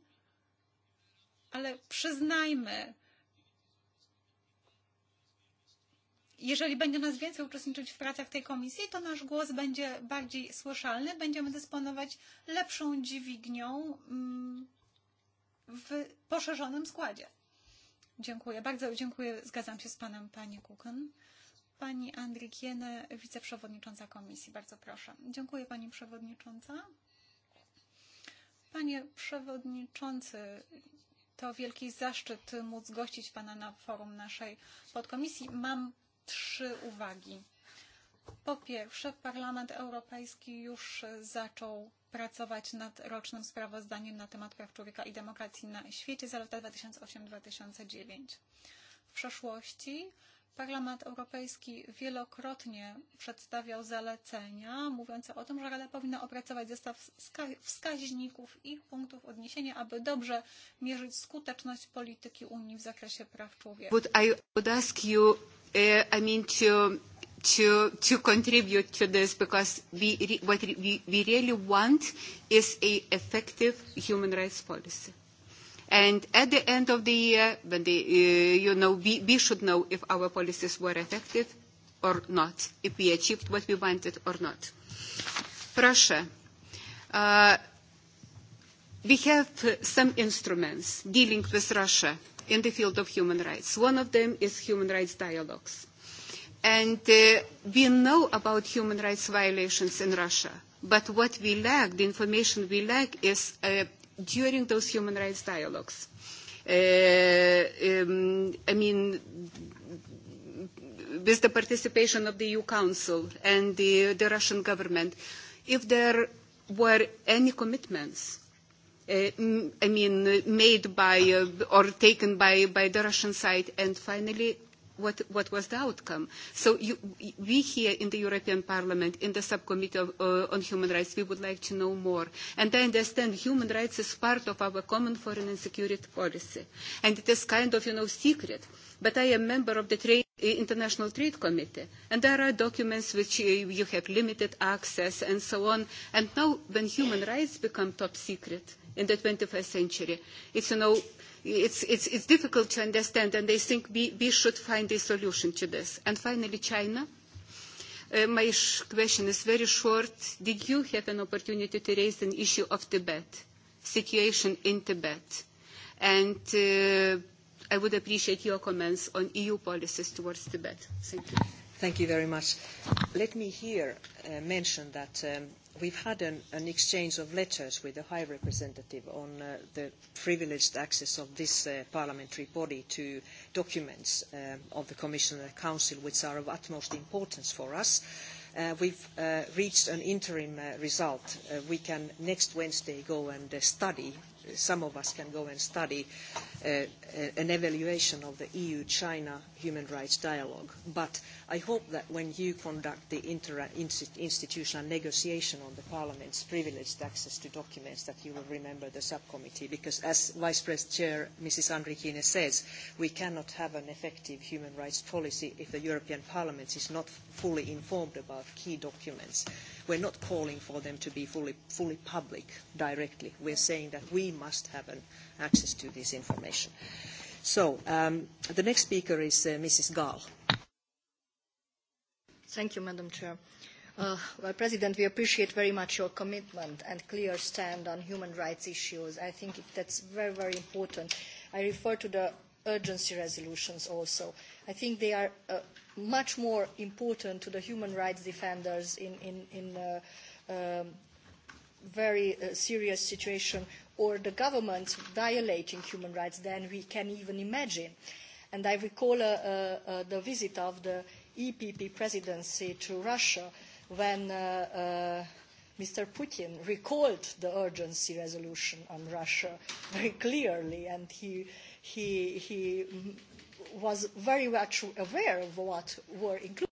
ale przyznajmy, jeżeli będzie nas więcej uczestniczyć w pracach tej komisji, to nasz głos będzie bardziej słyszalny, będziemy dysponować lepszą dźwignią mm, w poszerzonym składzie. Dziękuję bardzo, dziękuję, zgadzam się z panem, pani Kukan. Pani Andrikiene, wiceprzewodnicząca komisji, bardzo proszę. Dziękuję pani przewodnicząca. Panie przewodniczący, to wielki zaszczyt móc gościć Pana na forum naszej podkomisji. Mam trzy uwagi. Po pierwsze, Parlament Europejski już zaczął pracować nad rocznym sprawozdaniem na temat praw człowieka i demokracji na świecie za lata 2008-2009. W przeszłości Parlament Europejski wielokrotnie przedstawiał zalecenia mówiące o tym, że Rada powinna opracować zestaw wskaźników i punktów odniesienia, aby dobrze mierzyć skuteczność polityki Unii w zakresie praw człowieka. But I would ask you uh, I mean, to to to contribute to this because we re, what we, we really want is a effective human rights policy. And at the end of the year, when the, uh, you know, we, we should know if our policies were effective or not, if we achieved what we wanted or not. Russia. Uh, we have some instruments dealing with Russia in the field of human rights. One of them is human rights dialogues. And uh, we know about human rights violations in Russia, but what we lack, the information we lack, is uh, during those human rights dialogues. Uh, um, I mean, with the participation of the EU Council and the, the Russian government, if there were any commitments Uh, I mean, uh, made by uh, or taken by, by the Russian side, and finally What, what, was the outcome. So you, we here in the European Parliament, in the subcommittee of, uh, on human rights, we would like to know more. And I understand human rights is part of our common foreign and security policy. And it is kind of, you know, secret. But I am member of the trade, International Trade Committee, and there are documents which you have limited access and so on. And now when human rights become top secret, in the 21st century. It's, you know, it's, it's, it's difficult to understand, and I think we, we should find a solution to this. And finally, China. Uh, my question is very short. Did you have an opportunity to raise an issue of Tibet, situation in Tibet? And uh, I would appreciate your comments on EU policies towards Tibet. Thank you. Thank you very much. Let me here uh, mention that um, we've had an, an exchange of letters with the High Representative on uh, the privileged access of this uh, parliamentary body to documents uh, of the Commission and the Council, which are of utmost importance for us. Uh, we've uh, reached an interim uh, result. Uh, we can next Wednesday go and uh, study some of us can go and study uh, an evaluation of the EU-China human rights dialogue. But I hope that when you conduct the interinstitutional negotiation on the Parliament's privileged access to documents that you will remember the subcommittee, because as Vice President Chair Mrs. Andrikine says, we cannot have an effective human rights policy if the European Parliament is not fully informed about key documents We're not calling for them to be fully, fully public directly. We're saying that we must have an access to this information. So um, the next speaker is uh, Mrs. Gall. Thank you, Madam Chair. Uh, well, President, we appreciate very much your commitment and clear stand on human rights issues. I think that's very, very important. I refer to the urgency resolutions also. I think they are uh, much more important to the human rights defenders in, in, in uh, um, very uh, serious situation or the government violating human rights than we can even imagine. And I recall uh, uh, uh the visit of the EPP presidency to Russia when uh, uh, Mr. Putin recalled the urgency resolution on Russia very clearly, and he, he, he was very much aware of what were included.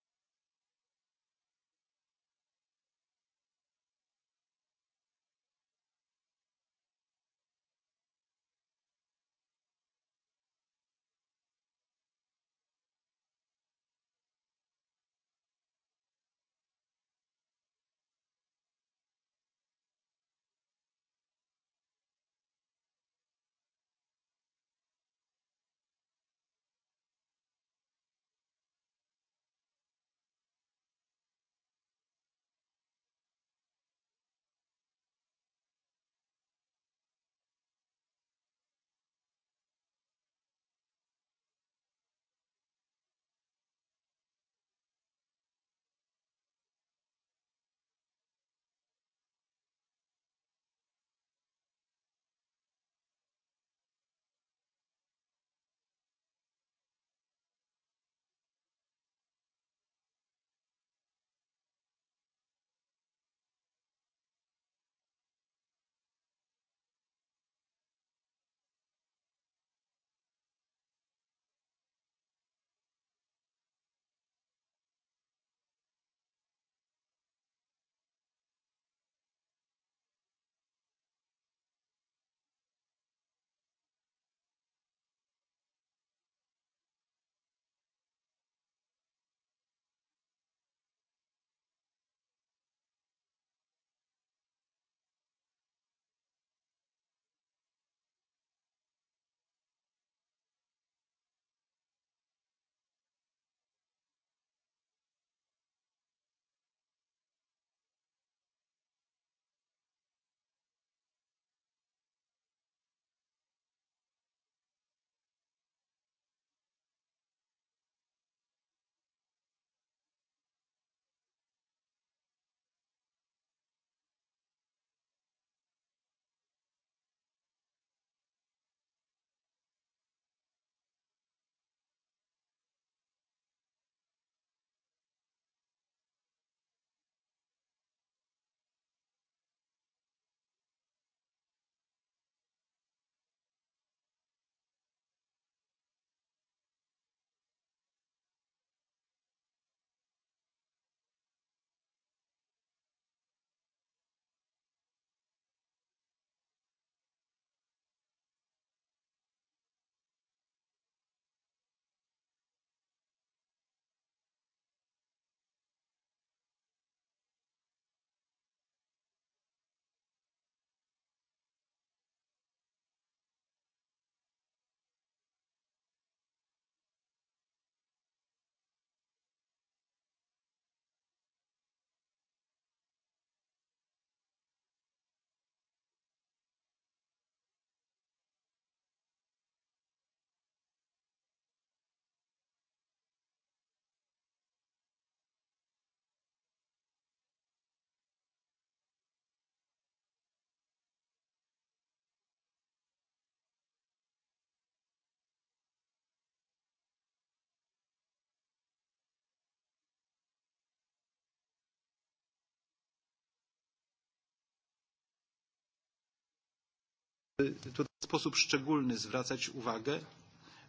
tutaj w sposób szczególny zwracać uwagę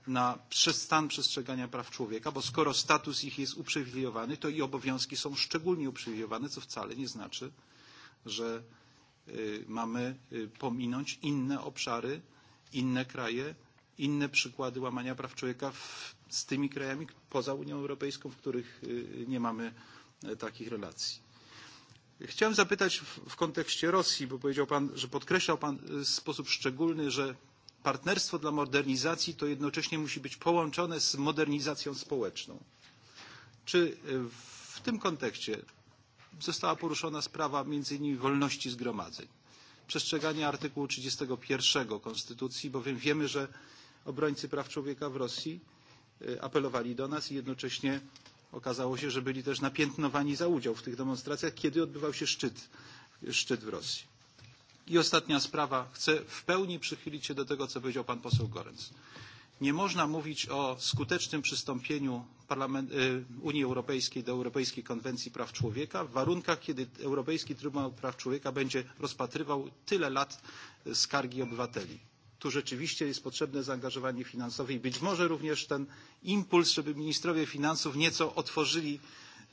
na stan przestrzegania praw człowieka, bo skoro status ich jest uprzywilejowany, to i obowiązki są szczególnie uprzywilejowane, co wcale nie znaczy, że mamy pominąć inne obszary, inne kraje, inne przykłady łamania praw człowieka w, z tymi krajami poza Unią Europejską, w których nie mamy e, takich relacji. Chciałem zapytać w kontekście Rosji, bo powiedział Pan, że podkreślał Pan w sposób szczególny, że partnerstwo dla modernizacji to jednocześnie musi być połączone z modernizacją społeczną. Czy w tym kontekście została poruszona sprawa między innymi wolności zgromadzeń, przestrzegania artykułu 31 Konstytucji, bowiem wiemy, że obrońcy praw człowieka w Rosji apelowali do nas i jednocześnie Okazało się, że byli też napiętnowani za udział w tych demonstracjach, kiedy odbywał się szczyt, szczyt w Rosji. I ostatnia sprawa. Chcę w pełni przychylić się do tego, co powiedział pan poseł Gorenc. Nie można mówić o skutecznym przystąpieniu Unii Europejskiej do Europejskiej Konwencji Praw Człowieka w warunkach, kiedy Europejski Trybunał Praw Człowieka będzie rozpatrywał tyle lat skargi obywateli tu rzeczywiście jest potrzebne zaangażowanie finansowe i być może również ten impuls, żeby ministrowie finansów nieco otworzyli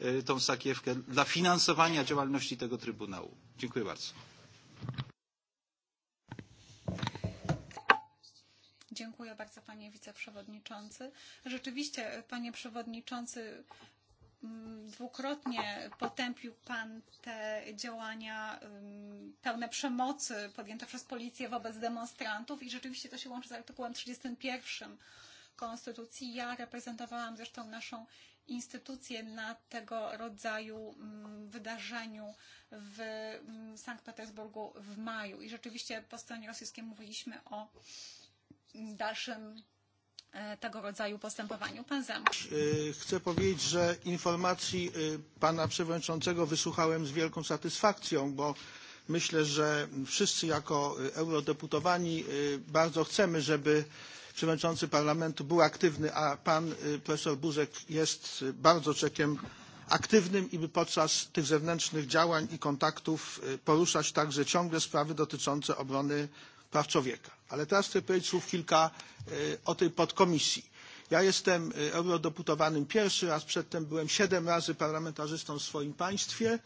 e, tą sakiewkę dla finansowania działalności tego Trybunału. Dziękuję bardzo. Dziękuję bardzo panie wiceprzewodniczący. Rzeczywiście e, panie przewodniczący Mm, dwukrotnie potępił Pan te działania mm, pełne przemocy podjęte przez policję wobec demonstrantów i rzeczywiście to się łączy z artykułem 31 Konstytucji. Ja reprezentowałam zresztą naszą instytucję na tego rodzaju mm, wydarzeniu w Sankt Petersburgu w maju i rzeczywiście po stronie rosyjskiej mówiliśmy o dalszym E, tego rodzaju postępowaniu. Pan Zemk. E, chcę powiedzieć, że informacji e, pana przewodniczącego wysłuchałem z wielką satysfakcją, bo myślę, że wszyscy jako eurodeputowani bardzo chcemy, żeby przewodniczący parlamentu był aktywny, a pan profesor Buzek jest bardzo czekiem aktywnym i by podczas tych zewnętrznych działań i kontaktów poruszać także ciągle sprawy dotyczące obrony Praw Człowieka. Ale teraz chcę powiedzieć słów kilka e, o tej podkomisji. Ja jestem e, eurodeputowanym pierwszy raz, przedtem byłem siedem razy parlamentarzystą w swoim państwie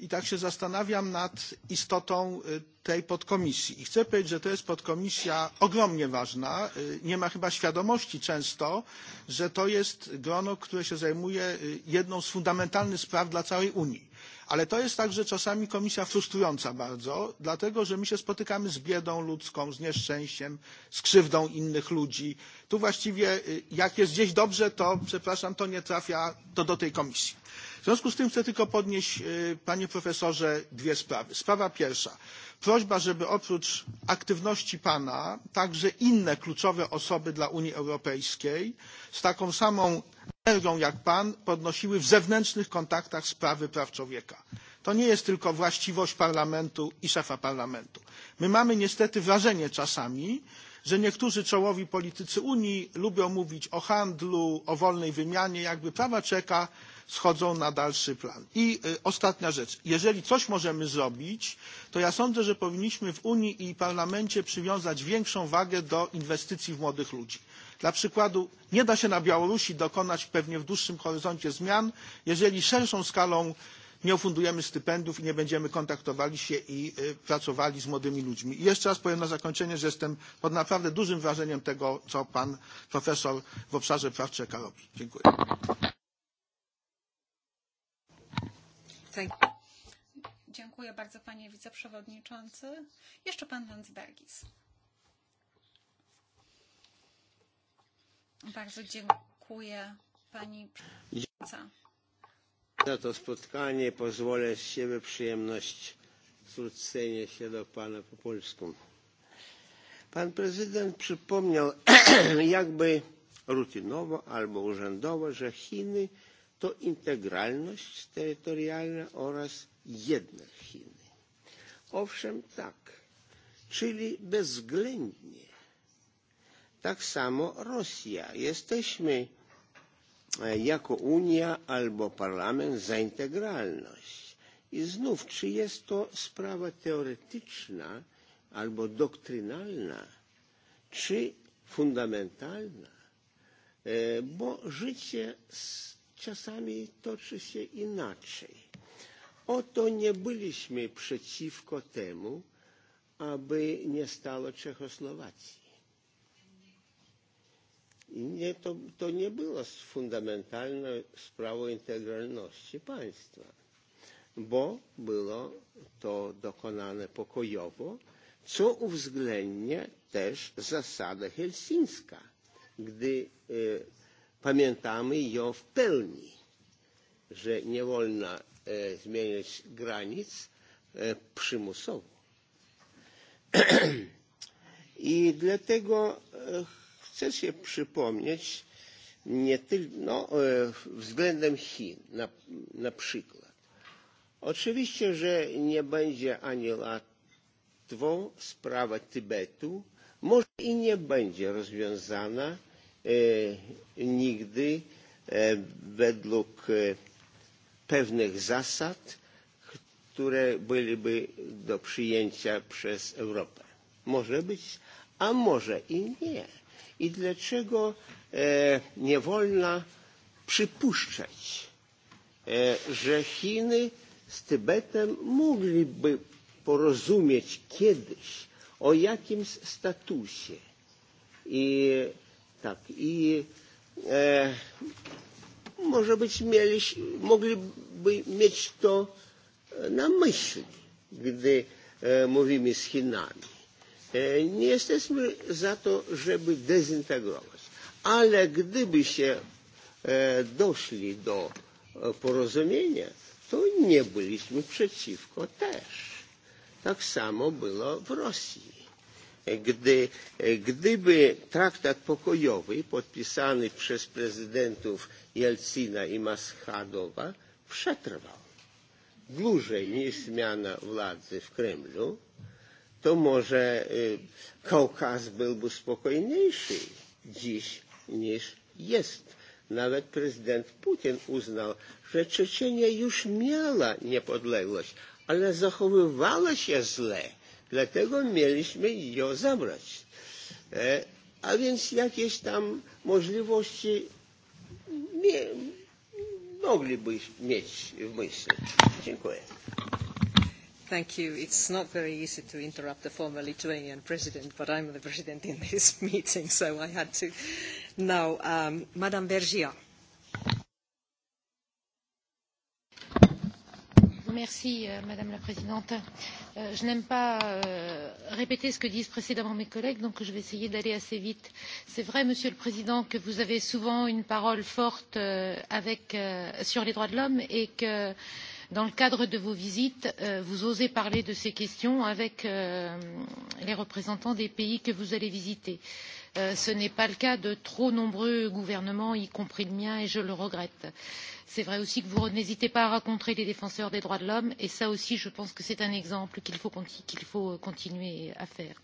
i tak się zastanawiam nad istotą e, tej podkomisji. I chcę powiedzieć, że to jest podkomisja ogromnie ważna. Nie ma chyba świadomości często, że to jest grono, które się zajmuje jedną z fundamentalnych spraw dla całej Unii. Ale to jest także czasami komisja frustrująca bardzo, dlatego że my się spotykamy z biedą ludzką, z nieszczęściem, z krzywdą innych ludzi. Tu właściwie jak jest gdzieś dobrze, to przepraszam, to nie trafia to do tej komisji. W związku z tym chcę tylko podnieść, panie profesorze, dwie sprawy. Sprawa pierwsza. Prośba, żeby oprócz aktywności pana także inne kluczowe osoby dla Unii Europejskiej z taką samą energią jak pan podnosiły w zewnętrznych kontaktach sprawy praw człowieka. To nie jest tylko właściwość parlamentu i szefa parlamentu. My mamy niestety wrażenie czasami, że niektórzy czołowi politycy Unii lubią mówić o handlu, o wolnej wymianie, jakby prawa czeka schodzą na dalszy plan. I y, ostatnia rzecz. Jeżeli coś możemy zrobić, to ja sądzę, że powinniśmy w Unii i Parlamencie przywiązać większą wagę do inwestycji w młodych ludzi. Dla przykładu nie da się na Białorusi dokonać pewnie w dłuższym horyzoncie zmian, jeżeli szerszą skalą nie ofundujemy stypendiów i nie będziemy kontaktowali się i pracowali z młodymi ludźmi. I jeszcze raz powiem na zakończenie, że jestem pod naprawdę dużym wrażeniem tego, co pan profesor w obszarze praw człowieka robi. Dziękuję. Dziękuję bardzo panie wiceprzewodniczący. Jeszcze pan Landsbergis. Bardzo dziękuję pani przewodnicząca. Za to spotkanie pozwolę z siebie przyjemność zwrócenia się do pana po polsku. Pan prezydent przypomniał *clears throat* jakby rutynowo albo urzędowo, że Chiny to integralność terytorialna oraz jedne Chiny. Owszem, tak, czyli bezwzględnie tak samo Rosja. Jesteśmy e, jako Unia albo Parlament za integralność. I znów, czy jest to sprawa teoretyczna albo doktrynalna, czy fundamentalna? E, bo życie czasami toczy się inaczej. Oto nie byliśmy przeciwko temu, aby nie stało Czechosłowacji nie, to, to nie było fundamentalną sprawą integralności państwa, bo było to dokonane pokojowo, co uwzględnia też zasada helsińska, gdy e, pamiętamy ją w pełni, że nie wolno e, zmieniać granic e, przymusowo. I dlatego e, Chcę się przypomnieć no, e, względem Chin na, na przykład. Oczywiście, że nie będzie ani łatwo sprawa Tybetu, może i nie będzie rozwiązana e, nigdy e, według e, pewnych zasad, które byłyby do przyjęcia przez Europę. Może być, a może i nie i dlaczego e, nie wolno przypuszczać, e, że Chiny z Tybetem mogliby porozumieć kiedyś o jakimś statusie. I tak, i e, może być mieli, mogliby mieć to e, na myśli, gdy e, mówimy z Chinami E, nie jesteśmy za to, żeby dezintegrować. Ale gdyby się e, doszli do e, porozumienia, to nie byliśmy przeciwko też. Tak samo było w Rosji. Gdy, gdyby traktat pokojowy podpisany przez prezydentów Jelcina i Maschadowa przetrwał dłużej niż zmiana władzy w Kremlu, to może Kaukaz byłby spokojniejszy dziś niż jest. Nawet prezydent Putin uznał, że Czeczenia już miała niepodległość, ale zachowywała się źle, dlatego mieliśmy ją zabrać. E, a więc jakieś tam możliwości mie- mogliby mieć w myśli. Dziękuję. Thank you. It's not very easy to interrupt the former Lithuanian president, but I'm the president in *laughs* this meeting, so I had to. Now, um, Madame Bergia. Merci, euh, Madame la Présidente. Euh, je n'aime pas euh, répéter ce que disent précédemment mes collègues, donc je vais essayer d'aller assez vite. C'est vrai, Monsieur le Président, que vous avez souvent une parole forte euh, avec, euh, sur les droits de l'homme et que euh, dans le cadre de vos visites euh, vous osez parler de ces questions avec euh, les représentants des pays que vous allez visiter. Euh, ce n'est pas le cas de trop nombreux gouvernements y compris le mien et je le regrette. c'est vrai aussi que vous n'hésitez pas à rencontrer les défenseurs des droits de l'homme et ça aussi je pense que c'est un exemple qu'il faut, qu faut euh, continuer à faire.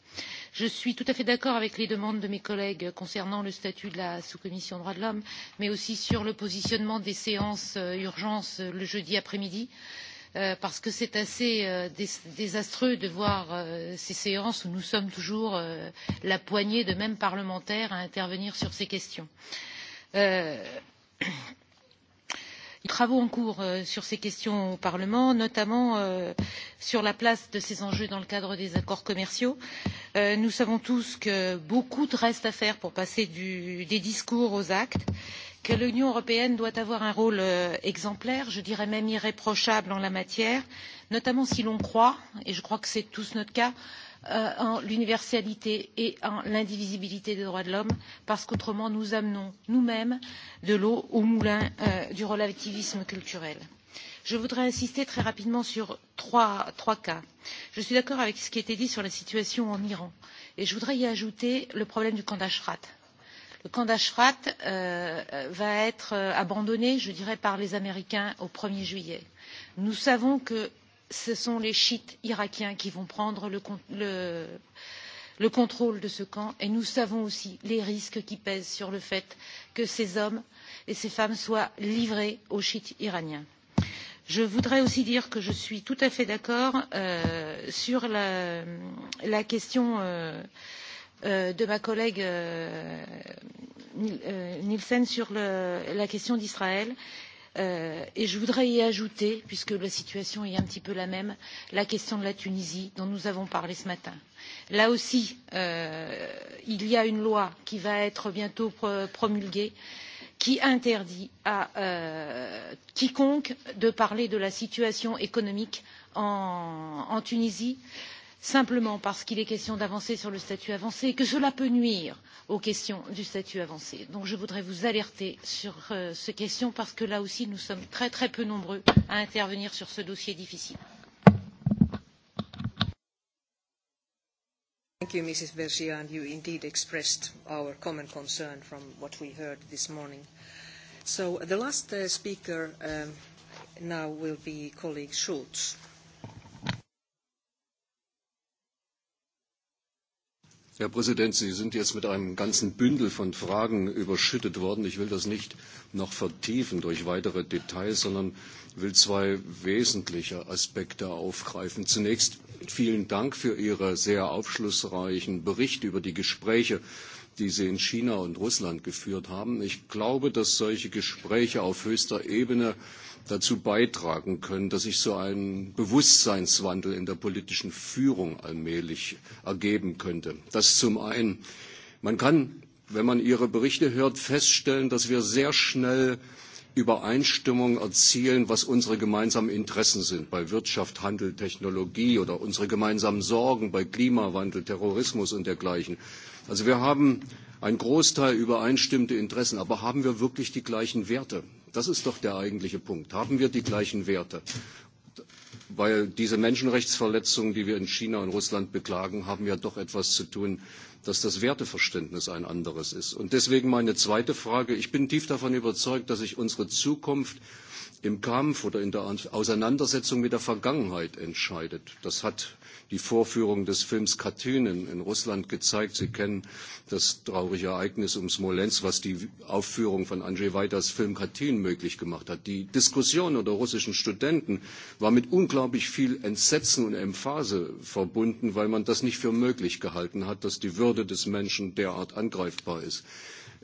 je suis tout à fait d'accord avec les demandes de mes collègues concernant le statut de la sous commission droits de l'homme mais aussi sur le positionnement des séances euh, urgences le jeudi après midi. Euh, parce que c'est assez euh, désastreux de voir euh, ces séances où nous sommes toujours la poignée de mêmes parlementaires à intervenir sur ces questions. Euh, *clears throat* travaux en cours sur ces questions au parlement notamment sur la place de ces enjeux dans le cadre des accords commerciaux. nous savons tous que beaucoup reste à faire pour passer du, des discours aux actes et que l'union européenne doit avoir un rôle euh, exemplaire je dirais même irréprochable en la matière notamment si l'on croit et je crois que c'est tous notre cas euh, en l'universalité et en l'indivisibilité des droits de l'homme parce qu'autrement nous amenons nous mêmes de l'eau au moulin euh, du relativisme culturel. je voudrais insister très rapidement sur trois, trois cas. je suis d'accord avec ce qui a été dit sur la situation en iran et je voudrais y ajouter le problème du camp d'ashraf le camp d'ashraf euh, euh va être euh, abandonné je dirais par les américains au un er juillet. nous savons que ce sont les chiites irakiens qui vont prendre le, le, le contrôle de ce camp et nous savons aussi les risques qui pèsent sur le fait que ces hommes et ces femmes soient livrés aux chiites iraniens je voudrais aussi dire que je suis tout à fait d'accord euh, sur la, la question euh, Euh, de ma collègue euh, euh, nielsen sur la question d'israël et je voudrais y ajouter puisque la situation est un petit peu la même la question de la tunisie dont nous avons parlé ce matin. là aussi il y a une loi qui va être bientôt promulguée qui interdit à quiconque de parler de la situation économique en, tunisie. Euh, simplement parce qu'il est question d'avancer sur le statut avancé et que cela peut nuire aux questions du statut avancé. donc je voudrais vous alerter sur euh, ces questions parce que là aussi nous sommes très très peu nombreux à intervenir sur ce dossier difficile. Thank you, Mrs. Bergia, and you indeed expressed our common concern from what we heard this morning. So the last uh, speaker um, now will be colleague Schulz. Herr Präsident, Sie sind jetzt mit einem ganzen Bündel von Fragen überschüttet worden. Ich will das nicht noch vertiefen durch weitere Details, sondern will zwei wesentliche Aspekte aufgreifen. Zunächst vielen Dank für Ihren sehr aufschlussreichen Bericht über die Gespräche, die Sie in China und Russland geführt haben. Ich glaube, dass solche Gespräche auf höchster Ebene dazu beitragen können, dass sich so ein Bewusstseinswandel in der politischen Führung allmählich ergeben könnte. Das zum einen. Man kann, wenn man Ihre Berichte hört, feststellen, dass wir sehr schnell Übereinstimmung erzielen, was unsere gemeinsamen Interessen sind bei Wirtschaft, Handel, Technologie oder unsere gemeinsamen Sorgen bei Klimawandel, Terrorismus und dergleichen. Also wir haben einen Großteil übereinstimmte Interessen, aber haben wir wirklich die gleichen Werte? Das ist doch der eigentliche Punkt. Haben wir die gleichen Werte? Weil diese Menschenrechtsverletzungen, die wir in China und Russland beklagen, haben ja doch etwas zu tun, dass das Werteverständnis ein anderes ist. Und deswegen meine zweite Frage. Ich bin tief davon überzeugt, dass sich unsere Zukunft im Kampf oder in der Auseinandersetzung mit der Vergangenheit entscheidet. Das hat die Vorführung des Films Katynen in Russland gezeigt. Sie kennen das traurige Ereignis um Smolensk, was die Aufführung von Andrzej Weiters Film Katyn möglich gemacht hat. Die Diskussion unter russischen Studenten war mit unglaublich viel Entsetzen und Emphase verbunden, weil man das nicht für möglich gehalten hat, dass die Würde des Menschen derart angreifbar ist.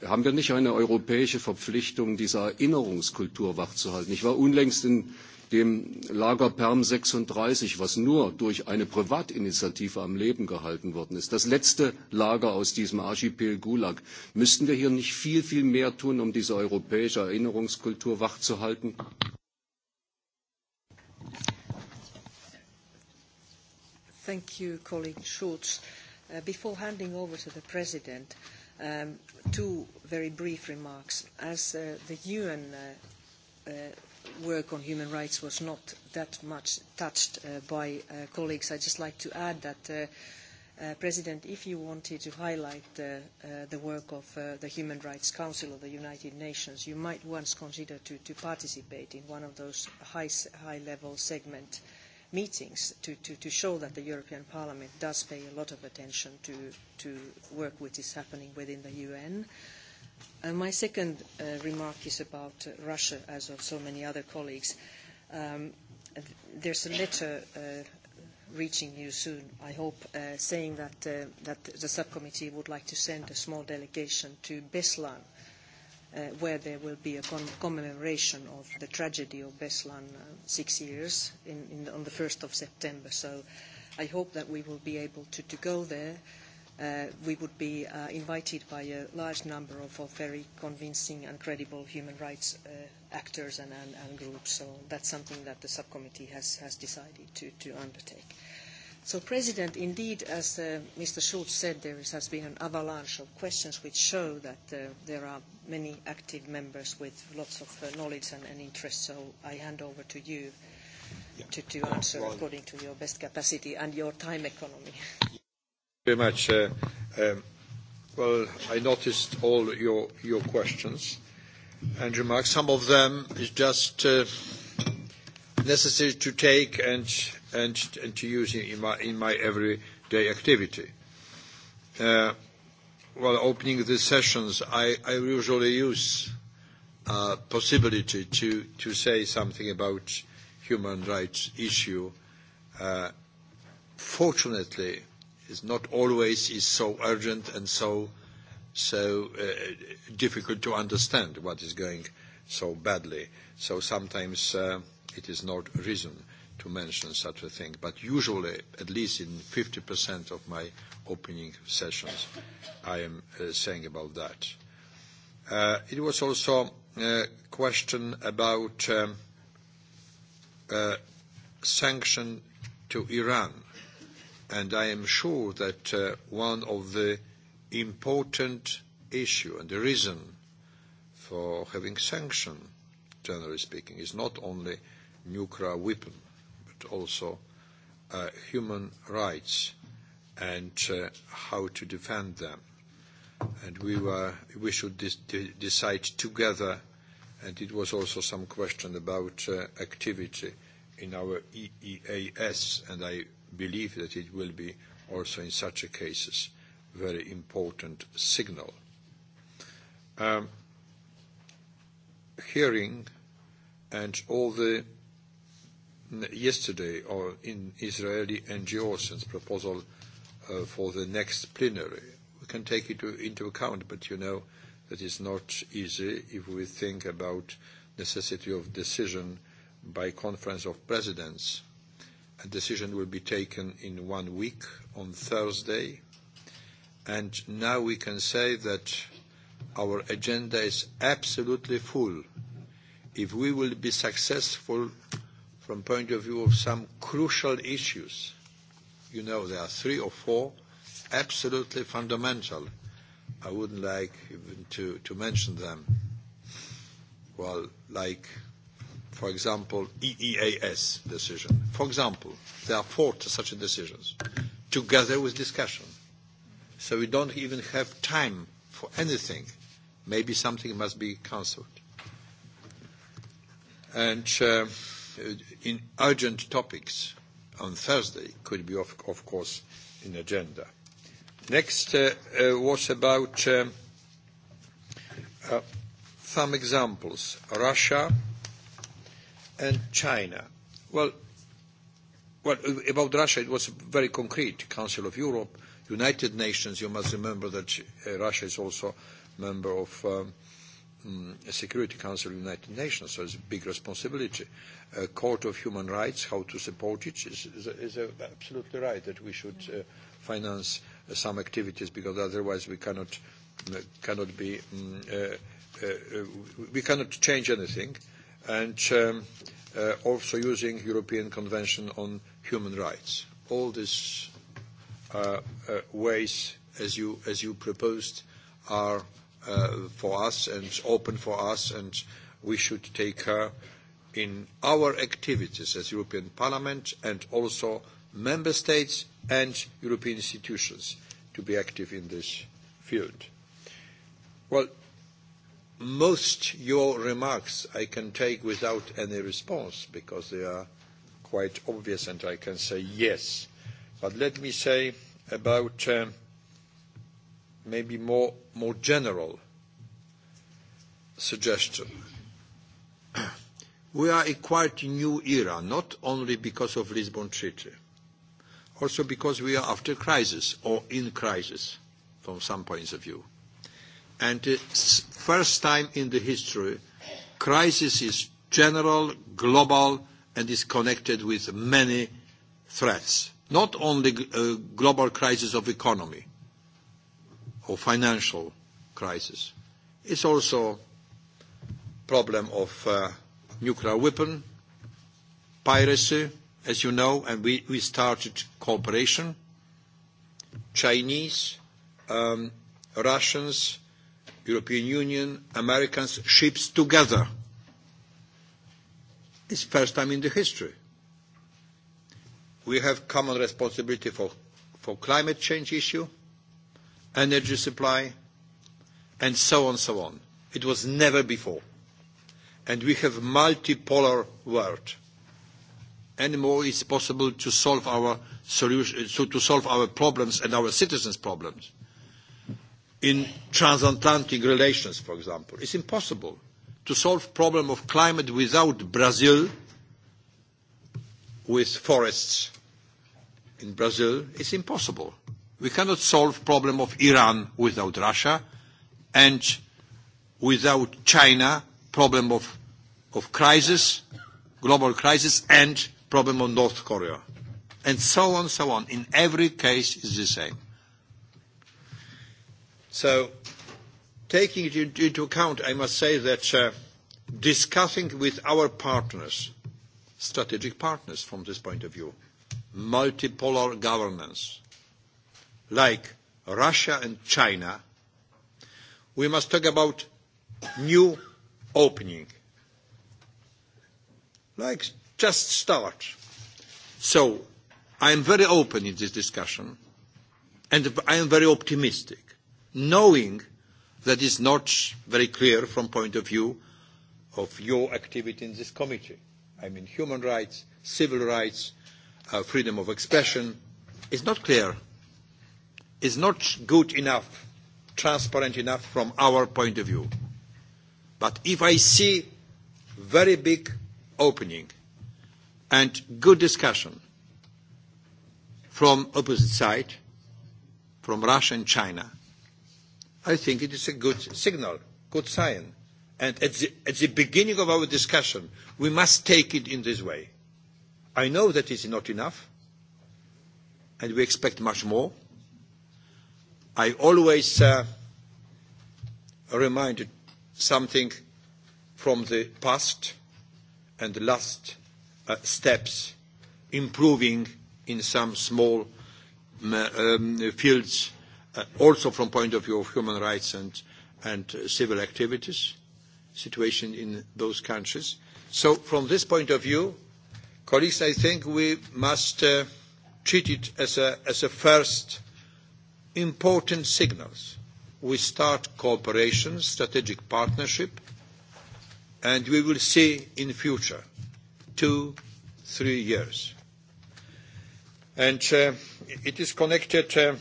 Haben wir nicht eine europäische Verpflichtung, diese Erinnerungskultur wachzuhalten? Ich war unlängst in dem Lager Perm 36, was nur durch eine Privatinitiative am Leben gehalten worden ist, das letzte Lager aus diesem Archipel Gulag, müssten wir hier nicht viel, viel mehr tun, um diese europäische Erinnerungskultur wachzuhalten? Thank you, colleague Schulz. Uh, before handing over to the President, um, two very brief remarks. As uh, the UN uh, uh work on human rights was not that much touched uh, by uh, colleagues. I'd just like to add that, uh, uh President, if you wanted to highlight the, uh, the work of uh, the Human Rights Council of the United Nations, you might once consider to, to participate in one of those high-level high segment meetings to, to, to, show that the European Parliament does pay a lot of attention to, to work which is happening within the UN. Uh, my second uh, remark is about uh, Russia, as of so many other colleagues. Um, there's a letter uh, reaching you soon, I hope, uh, saying that, uh, that the subcommittee would like to send a small delegation to Beslan, uh, where there will be a commemoration of the tragedy of Beslan uh, six years in, in on the 1st of September. So I hope that we will be able to, to go there. Uh, Uh, we would be uh, invited by a large number of, of very convincing and credible human rights uh, actors and, and, and groups. So that's something that the subcommittee has, has decided to, to undertake. So, President, indeed, as uh, Mr. Schulz said, there is, has been an avalanche of questions which show that uh, there are many active members with lots of uh, knowledge and, and interest. So I hand over to you yeah. to, to answer well, according to your best capacity and your time economy. *laughs* very much. Uh, um, well, I noticed all your, your questions and remarks. Some of them is just uh, necessary to take and, and, and to use in my, in my everyday activity. Uh, while opening the sessions, I, I usually use uh, possibility to, to say something about human rights issue. Uh, fortunately, is not always is so urgent and so so uh, difficult to understand what is going so badly. So sometimes uh, it is not reason to mention such a thing. But usually, at least in 50% of my opening sessions, I am uh, saying about that. Uh, it was also a question about um, uh, sanction to Iran and I am sure that uh, one of the important issue and the reason for having sanction, generally speaking, is not only nuclear weapon, but also uh, human rights and uh, how to defend them. And we, were, we should de- decide together, and it was also some question about uh, activity in our EEAS, and I believe that it will be also in such a cases very important signal. Um, hearing and all the yesterday or in Israeli NGOs and proposal uh, for the next plenary. We can take it to, into account, but you know that is not easy if we think about necessity of decision by conference of presidents a decision will be taken in one week on Thursday. And now we can say that our agenda is absolutely full. If we will be successful from point of view of some crucial issues, you know, there are three or four absolutely fundamental. I wouldn't like even to, to mention them. Well, like for example, EEAS decision. For example, there are four such decisions, together with discussion. So we don't even have time for anything. Maybe something must be cancelled. And uh, in urgent topics on Thursday could be, of, of course, in agenda. Next uh, uh, was about uh, uh, some examples. Russia, and China. Well, well, about Russia, it was very concrete. Council of Europe, United Nations. You must remember that uh, Russia is also member of um, mm, Security Council of United Nations, so it's a big responsibility. Court of Human Rights, how to support it is, is, is absolutely right that we should uh, finance uh, some activities because otherwise we cannot uh, cannot be um, uh, uh, we cannot change anything and um, uh, also using European Convention on Human Rights. All these uh, uh, ways, as you, as you proposed, are uh, for us and open for us, and we should take her in our activities as European Parliament and also member states and European institutions to be active in this field. Well, most your remarks I can take without any response because they are quite obvious and I can say yes. But let me say about um, maybe more, more general suggestion. we are a quite new era, not only because of Lisbon Treaty, also because we are after crisis or in crisis from some points of view and the first time in the history, crisis is general, global, and is connected with many threats. Not only a uh, global crisis of economy or financial crisis. It's also problem of uh, nuclear weapon, piracy, as you know, and we, we started cooperation. Chinese, um, Russians, European Union, Americans, ships together. It's first time in the history. We have common responsibility for, for climate change issue, energy supply, and so on, so on. It was never before. And we have multipolar world. Anymore it's possible to solve our solution, so to solve our problems and our citizens' problems in transatlantic relations, for example. It's impossible to solve problem of climate without Brazil with forests. In Brazil, it's impossible. We cannot solve problem of Iran without Russia and without China, problem of, of crisis, global crisis, and problem of North Korea. And so on, so on. In every case, it's the same. So taking it into account, I must say that uh, discussing with our partners, strategic partners from this point of view, multipolar governance, like Russia and China, we must talk about new opening, like just start. So I am very open in this discussion, and I am very optimistic knowing that is not very clear from point of view of your activity in this committee. I mean, human rights, civil rights, uh, freedom of expression is not clear, is not good enough, transparent enough from our point of view. But if I see very big opening and good discussion from opposite side, from Russia and China, i think it is a good signal, good sign. And at the, at the beginning of our discussion, we must take it in this way. I know that is not enough, and we expect much more. I always uh, remind something from the past and the last uh, steps, improving in some small um, um fields Uh, also from point of view of human rights and, and uh, civil activities, situation in those countries. So from this point of view, colleagues, I think we must uh, treat it as a, as a first important signals. We start cooperation, strategic partnership, and we will see in future, two, three years. And uh, it is connected uh,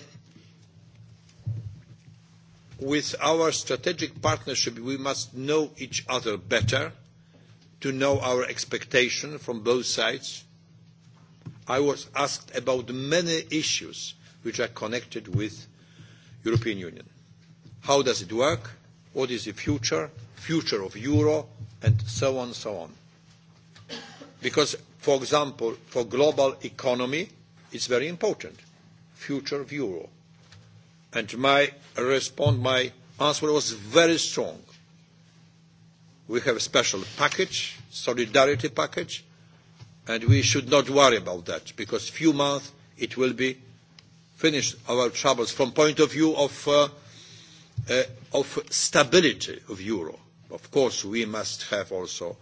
with our strategic partnership, we must know each other better to know our expectation from both sides. I was asked about many issues which are connected with European Union. How does it work? What is the future? Future of euro? And so on, so on. Because, for example, for global economy, it's very important. Future of euro And my response, my answer was very strong. We have a special package, solidarity package, and we should not worry about that because few months it will be finished our troubles from point of view of, uh, uh, of stability of euro. Of course, we must have also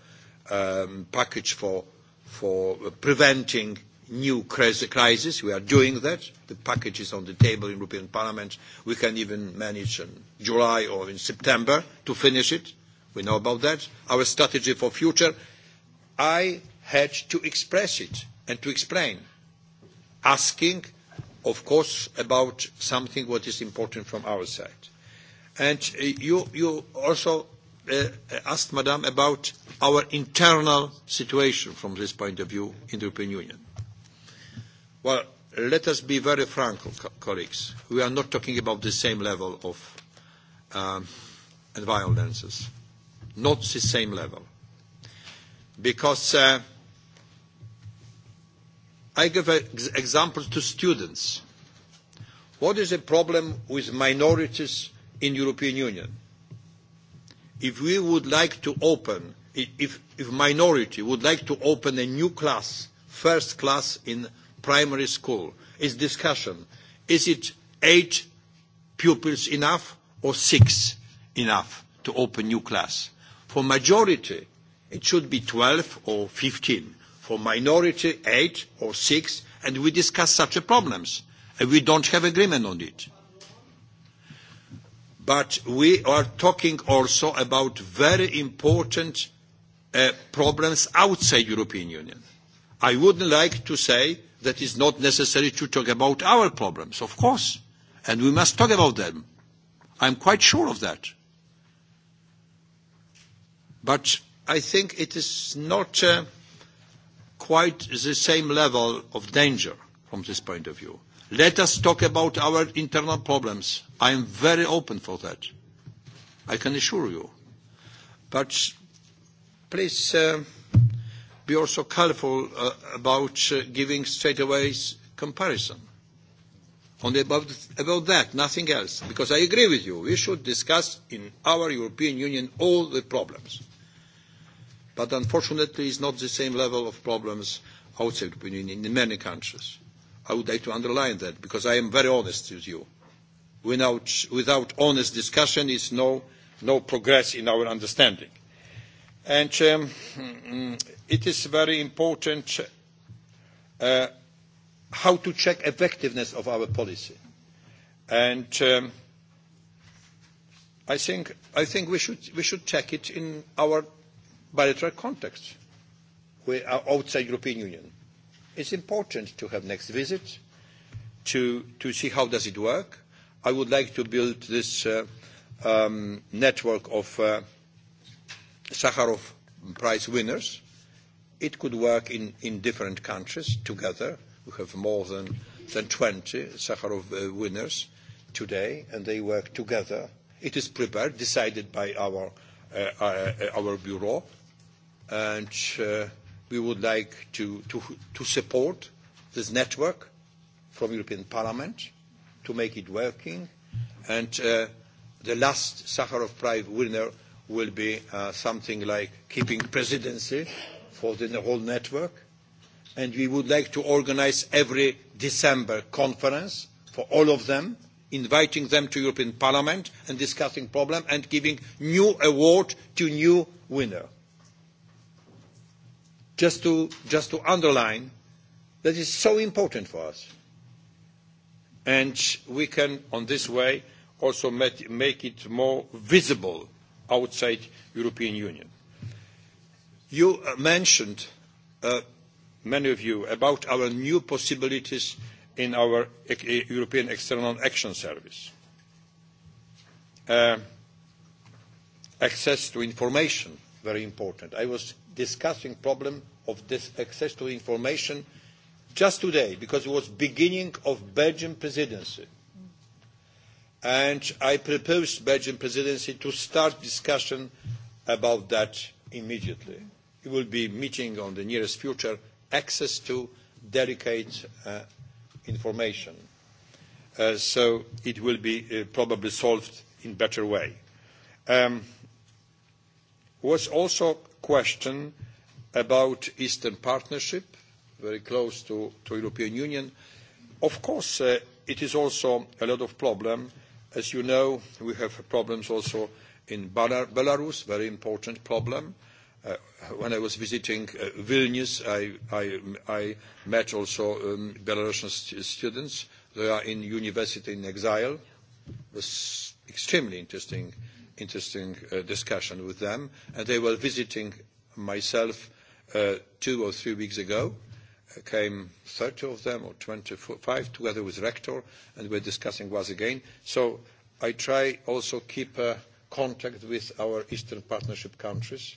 um, package for, for preventing new crisis. We are doing that. The package is on the table in European Parliament. We can even manage in July or in September to finish it. We know about that. Our strategy for future, I had to express it and to explain, asking, of course, about something what is important from our side. And uh, you, you also Uh, asked Madame about our internal situation from this point of view in the European Union. Well, let us be very frank, co colleagues. We are not talking about the same level of um, violences. Not the same level. Because uh, I give ex examples to students. What is the problem with minorities in European Union? If we would like to open, if, if minority would like to open a new class, first class in primary school. is discussion. Is it eight pupils enough or six enough to open new class? For majority, it should be 12 or 15. For minority, eight or six, and we discuss such a problems, and we don't have agreement on it. But we are talking also about very important uh, problems outside European Union. I wouldn't like to say that it's not necessary to talk about our problems, of course. And we must talk about them. I'm quite sure of that. But I think it is not uh, quite the same level of danger from this point of view. Let us talk about our internal problems. I am very open for that. I can assure you. But please. Uh, be also careful uh, about uh, giving straightaway comparison. Only about, about that, nothing else. Because I agree with you, we should discuss in our European Union all the problems. But unfortunately, it's not the same level of problems outside the European Union in many countries. I would like to underline that because I am very honest with you. Without, without honest discussion, is no, no progress in our understanding. And um, it is very important uh, how to check effectiveness of our policy. And um, I think, I think we, should, we should check it in our bilateral context with our uh, outside European Union. It's important to have next visit, to, to see how does it work. I would like to build this uh, um, network of uh, Sakharov Prize winners. It could work in, in different countries together. We have more than, than 20 Sakharov uh, winners today, and they work together. It is prepared, decided by our, uh, our, uh, our bureau, and uh, we would like to, to, to support this network from European Parliament to make it working. And uh, the last Sakharov Prize winner will be uh, something like keeping presidency for the whole network. And we would like to organize every December conference for all of them, inviting them to European Parliament and discussing problem and giving new award to new winner. Just to, just to underline, that is so important for us. And we can, on this way, also make it more visible outside European Union. You uh, mentioned, uh, many of you, about our new possibilities in our e-, e-, European External Action Service. Uh, access to information, very important. I was discussing problem of this access to information just today because it was beginning of Belgian presidency and I proposed Belgian presidency to start discussion about that immediately. It will be meeting on the nearest future, access to delicate uh, information. Uh, so it will be uh, probably solved in better way. Um, was also question about Eastern Partnership, very close to, to European Union. Of course, uh, it is also a lot of problem As you know, we have problems also in Belarus, very important problem. Uh, when I was visiting uh, Vilnius, I, met also um, Belarusian students. They are in university in exile. It was extremely interesting, interesting uh, discussion with them. And they were visiting myself two or three weeks ago came 30 of them or 25 together with rector, and we're discussing once again. So I try also keep uh, contact with our Eastern Partnership countries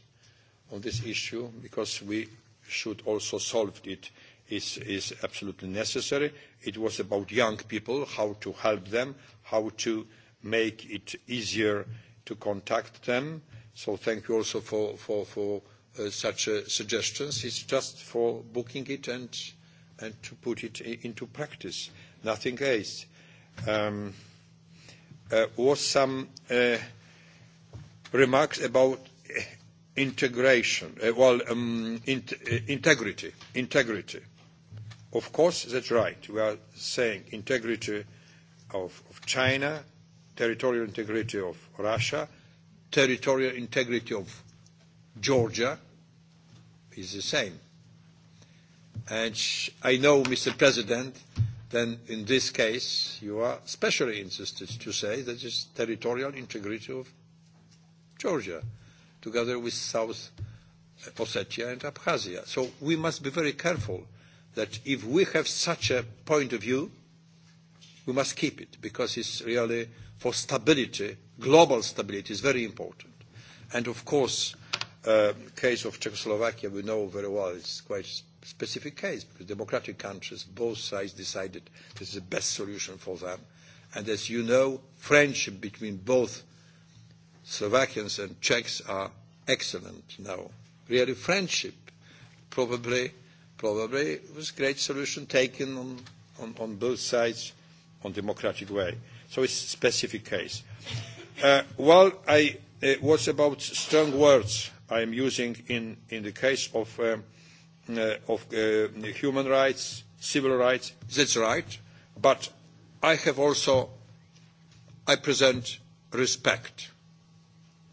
on this issue because we should also solve it is, is absolutely necessary. It was about young people, how to help them, how to make it easier to contact them. So thank you also for, for, for Uh, such uh, suggestions. It's just for booking it and, and to put it into practice, nothing else. Um, uh, was some uh, remarks about uh, integration, uh, well, um, in, uh, integrity, integrity. Of course, that's right. We are saying integrity of, of China, territorial integrity of Russia, territorial integrity of Georgia, is the same. And I know, Mr. President, then in this case you are especially insisted to say that it's territorial integrity of Georgia together with South Ossetia and Abkhazia. So we must be very careful that if we have such a point of view, we must keep it because it's really for stability, global stability is very important. And of course, Uh, case of Czechoslovakia, we know very well it's quite specific case because democratic countries, both sides decided this is the best solution for them. And as you know, friendship between both Slovakians and Czechs are excellent now. Really friendship probably, probably was great solution taken on, on, on both sides on democratic way. So it's a specific case. Uh, well, I, uh, was about strong words i am using in, in the case of, um, uh, of uh, human rights, civil rights. That's right. But I have also, I present respect.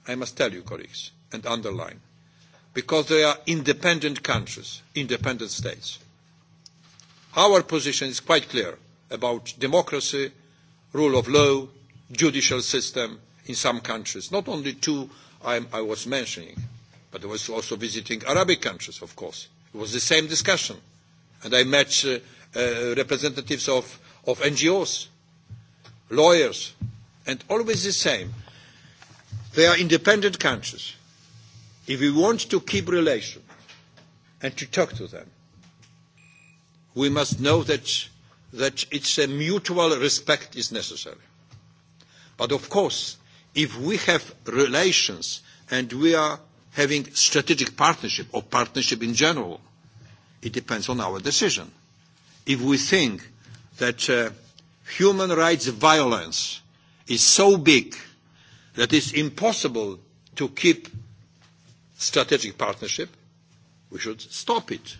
I must tell you, colleagues, and underline, because they are independent countries, independent states. Our position is quite clear about democracy, rule of law, judicial system in some countries, not only two I, I was mentioning but I was also visiting Arabic countries, of course. It was the same discussion. And I met uh, uh, representatives of, of NGOs, lawyers, and always the same. They are independent countries. If we want to keep relations and to talk to them, we must know that, that it's a mutual respect is necessary. But of course, if we have relations and we are having strategic partnership or partnership in general, it depends on our decision. If we think that uh, human rights violence is so big that it's impossible to keep strategic partnership, we should stop it.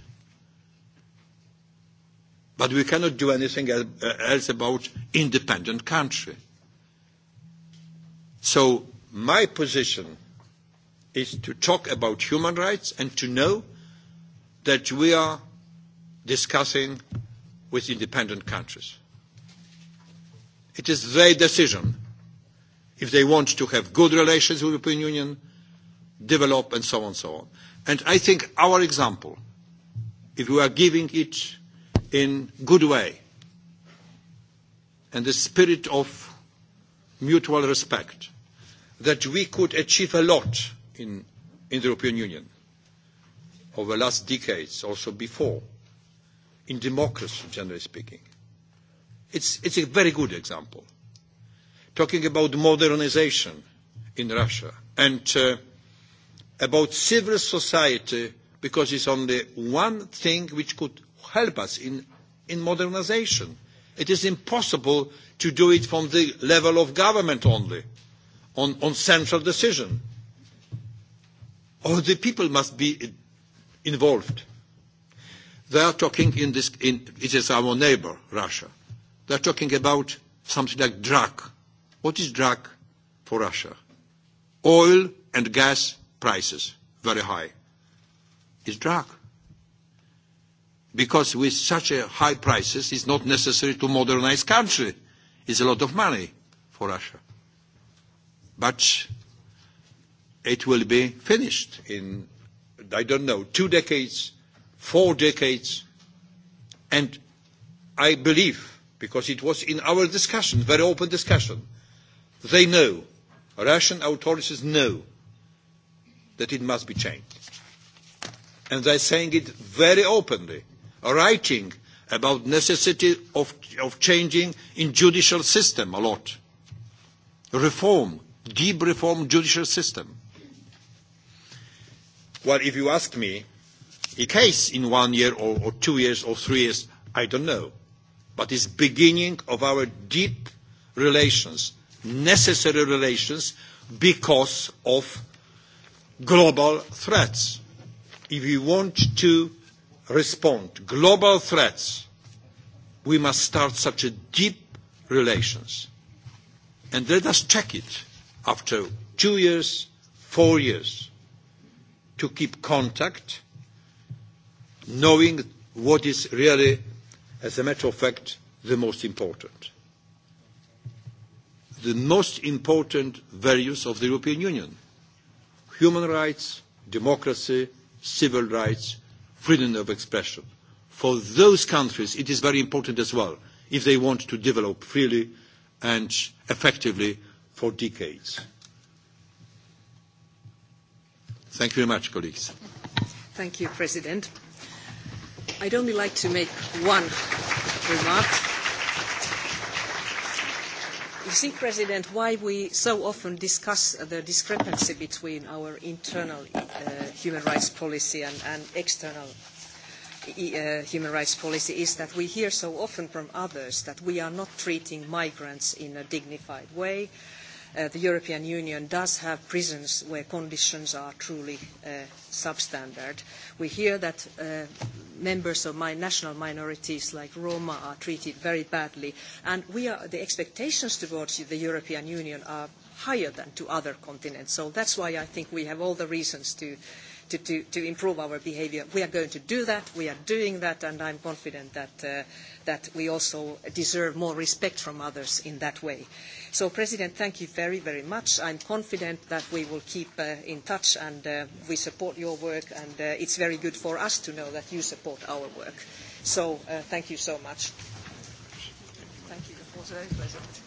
But we cannot do anything uh, else about independent country. So my position is to talk about human rights and to know that we are discussing with independent countries. It is their decision if they want to have good relations with the European Union, develop and so on and so on. And I think our example, if we are giving it in good way, and the spirit of mutual respect, that we could achieve a lot in, in the European Union over the last decades, also before, in democracy, generally speaking. It's, it's a very good example. Talking about modernization in Russia and uh, about civil society, because it's only one thing which could help us in, in modernization. It is impossible to do it from the level of government only, on, on central decision or oh, the people must be involved. They are talking in this, in, it is our neighbor, Russia. They are talking about something like drug. What is drug for Russia? Oil and gas prices, very high. It's drug. Because with such a high prices, it's not necessary to modernize country. It's a lot of money for Russia. But it will be finished in, I don't know, two decades, four decades. And I believe, because it was in our discussion, very open discussion, they know, Russian authorities know that it must be changed. And they're saying it very openly, writing about necessity of, of changing in judicial system a lot. Reform, deep reform judicial system Well, if you ask me, a case in one year or, or two years or three years, I don't know. But it's beginning of our deep relations, necessary relations, because of global threats. If we want to respond global threats, we must start such a deep relations. And let us check it after two years, four years to keep contact, knowing what is really, as a matter of fact, the most important. The most important values of the European Union human rights, democracy, civil rights, freedom of expression. For those countries, it is very important as well if they want to develop freely and effectively for decades. Thank you very much, colleagues. Thank you, President. I'd only like to make one remark. You see, President, why we so often discuss the discrepancy between our internal uh, human rights policy and, and external e, uh, human rights policy is that we hear so often from others that we are not treating migrants in a dignified way, Uh, the European Union does have prisons where conditions are truly uh, substandard. We hear that uh, members of my national minorities like Roma are treated very badly, and we are, the expectations towards the European Union are higher than to other continents. So that's why I think we have all the reasons to, to, improve our behavior. We are going to do that. We are doing that, and I'm confident uh, that, we also deserve more respect from others in that way. So, President, thank you very, very much. I'm confident that we will keep uh, in touch, and uh, we support your work, and it's very good for us to know that you support our work. So, thank you so much. Thank you. It was very pleasant.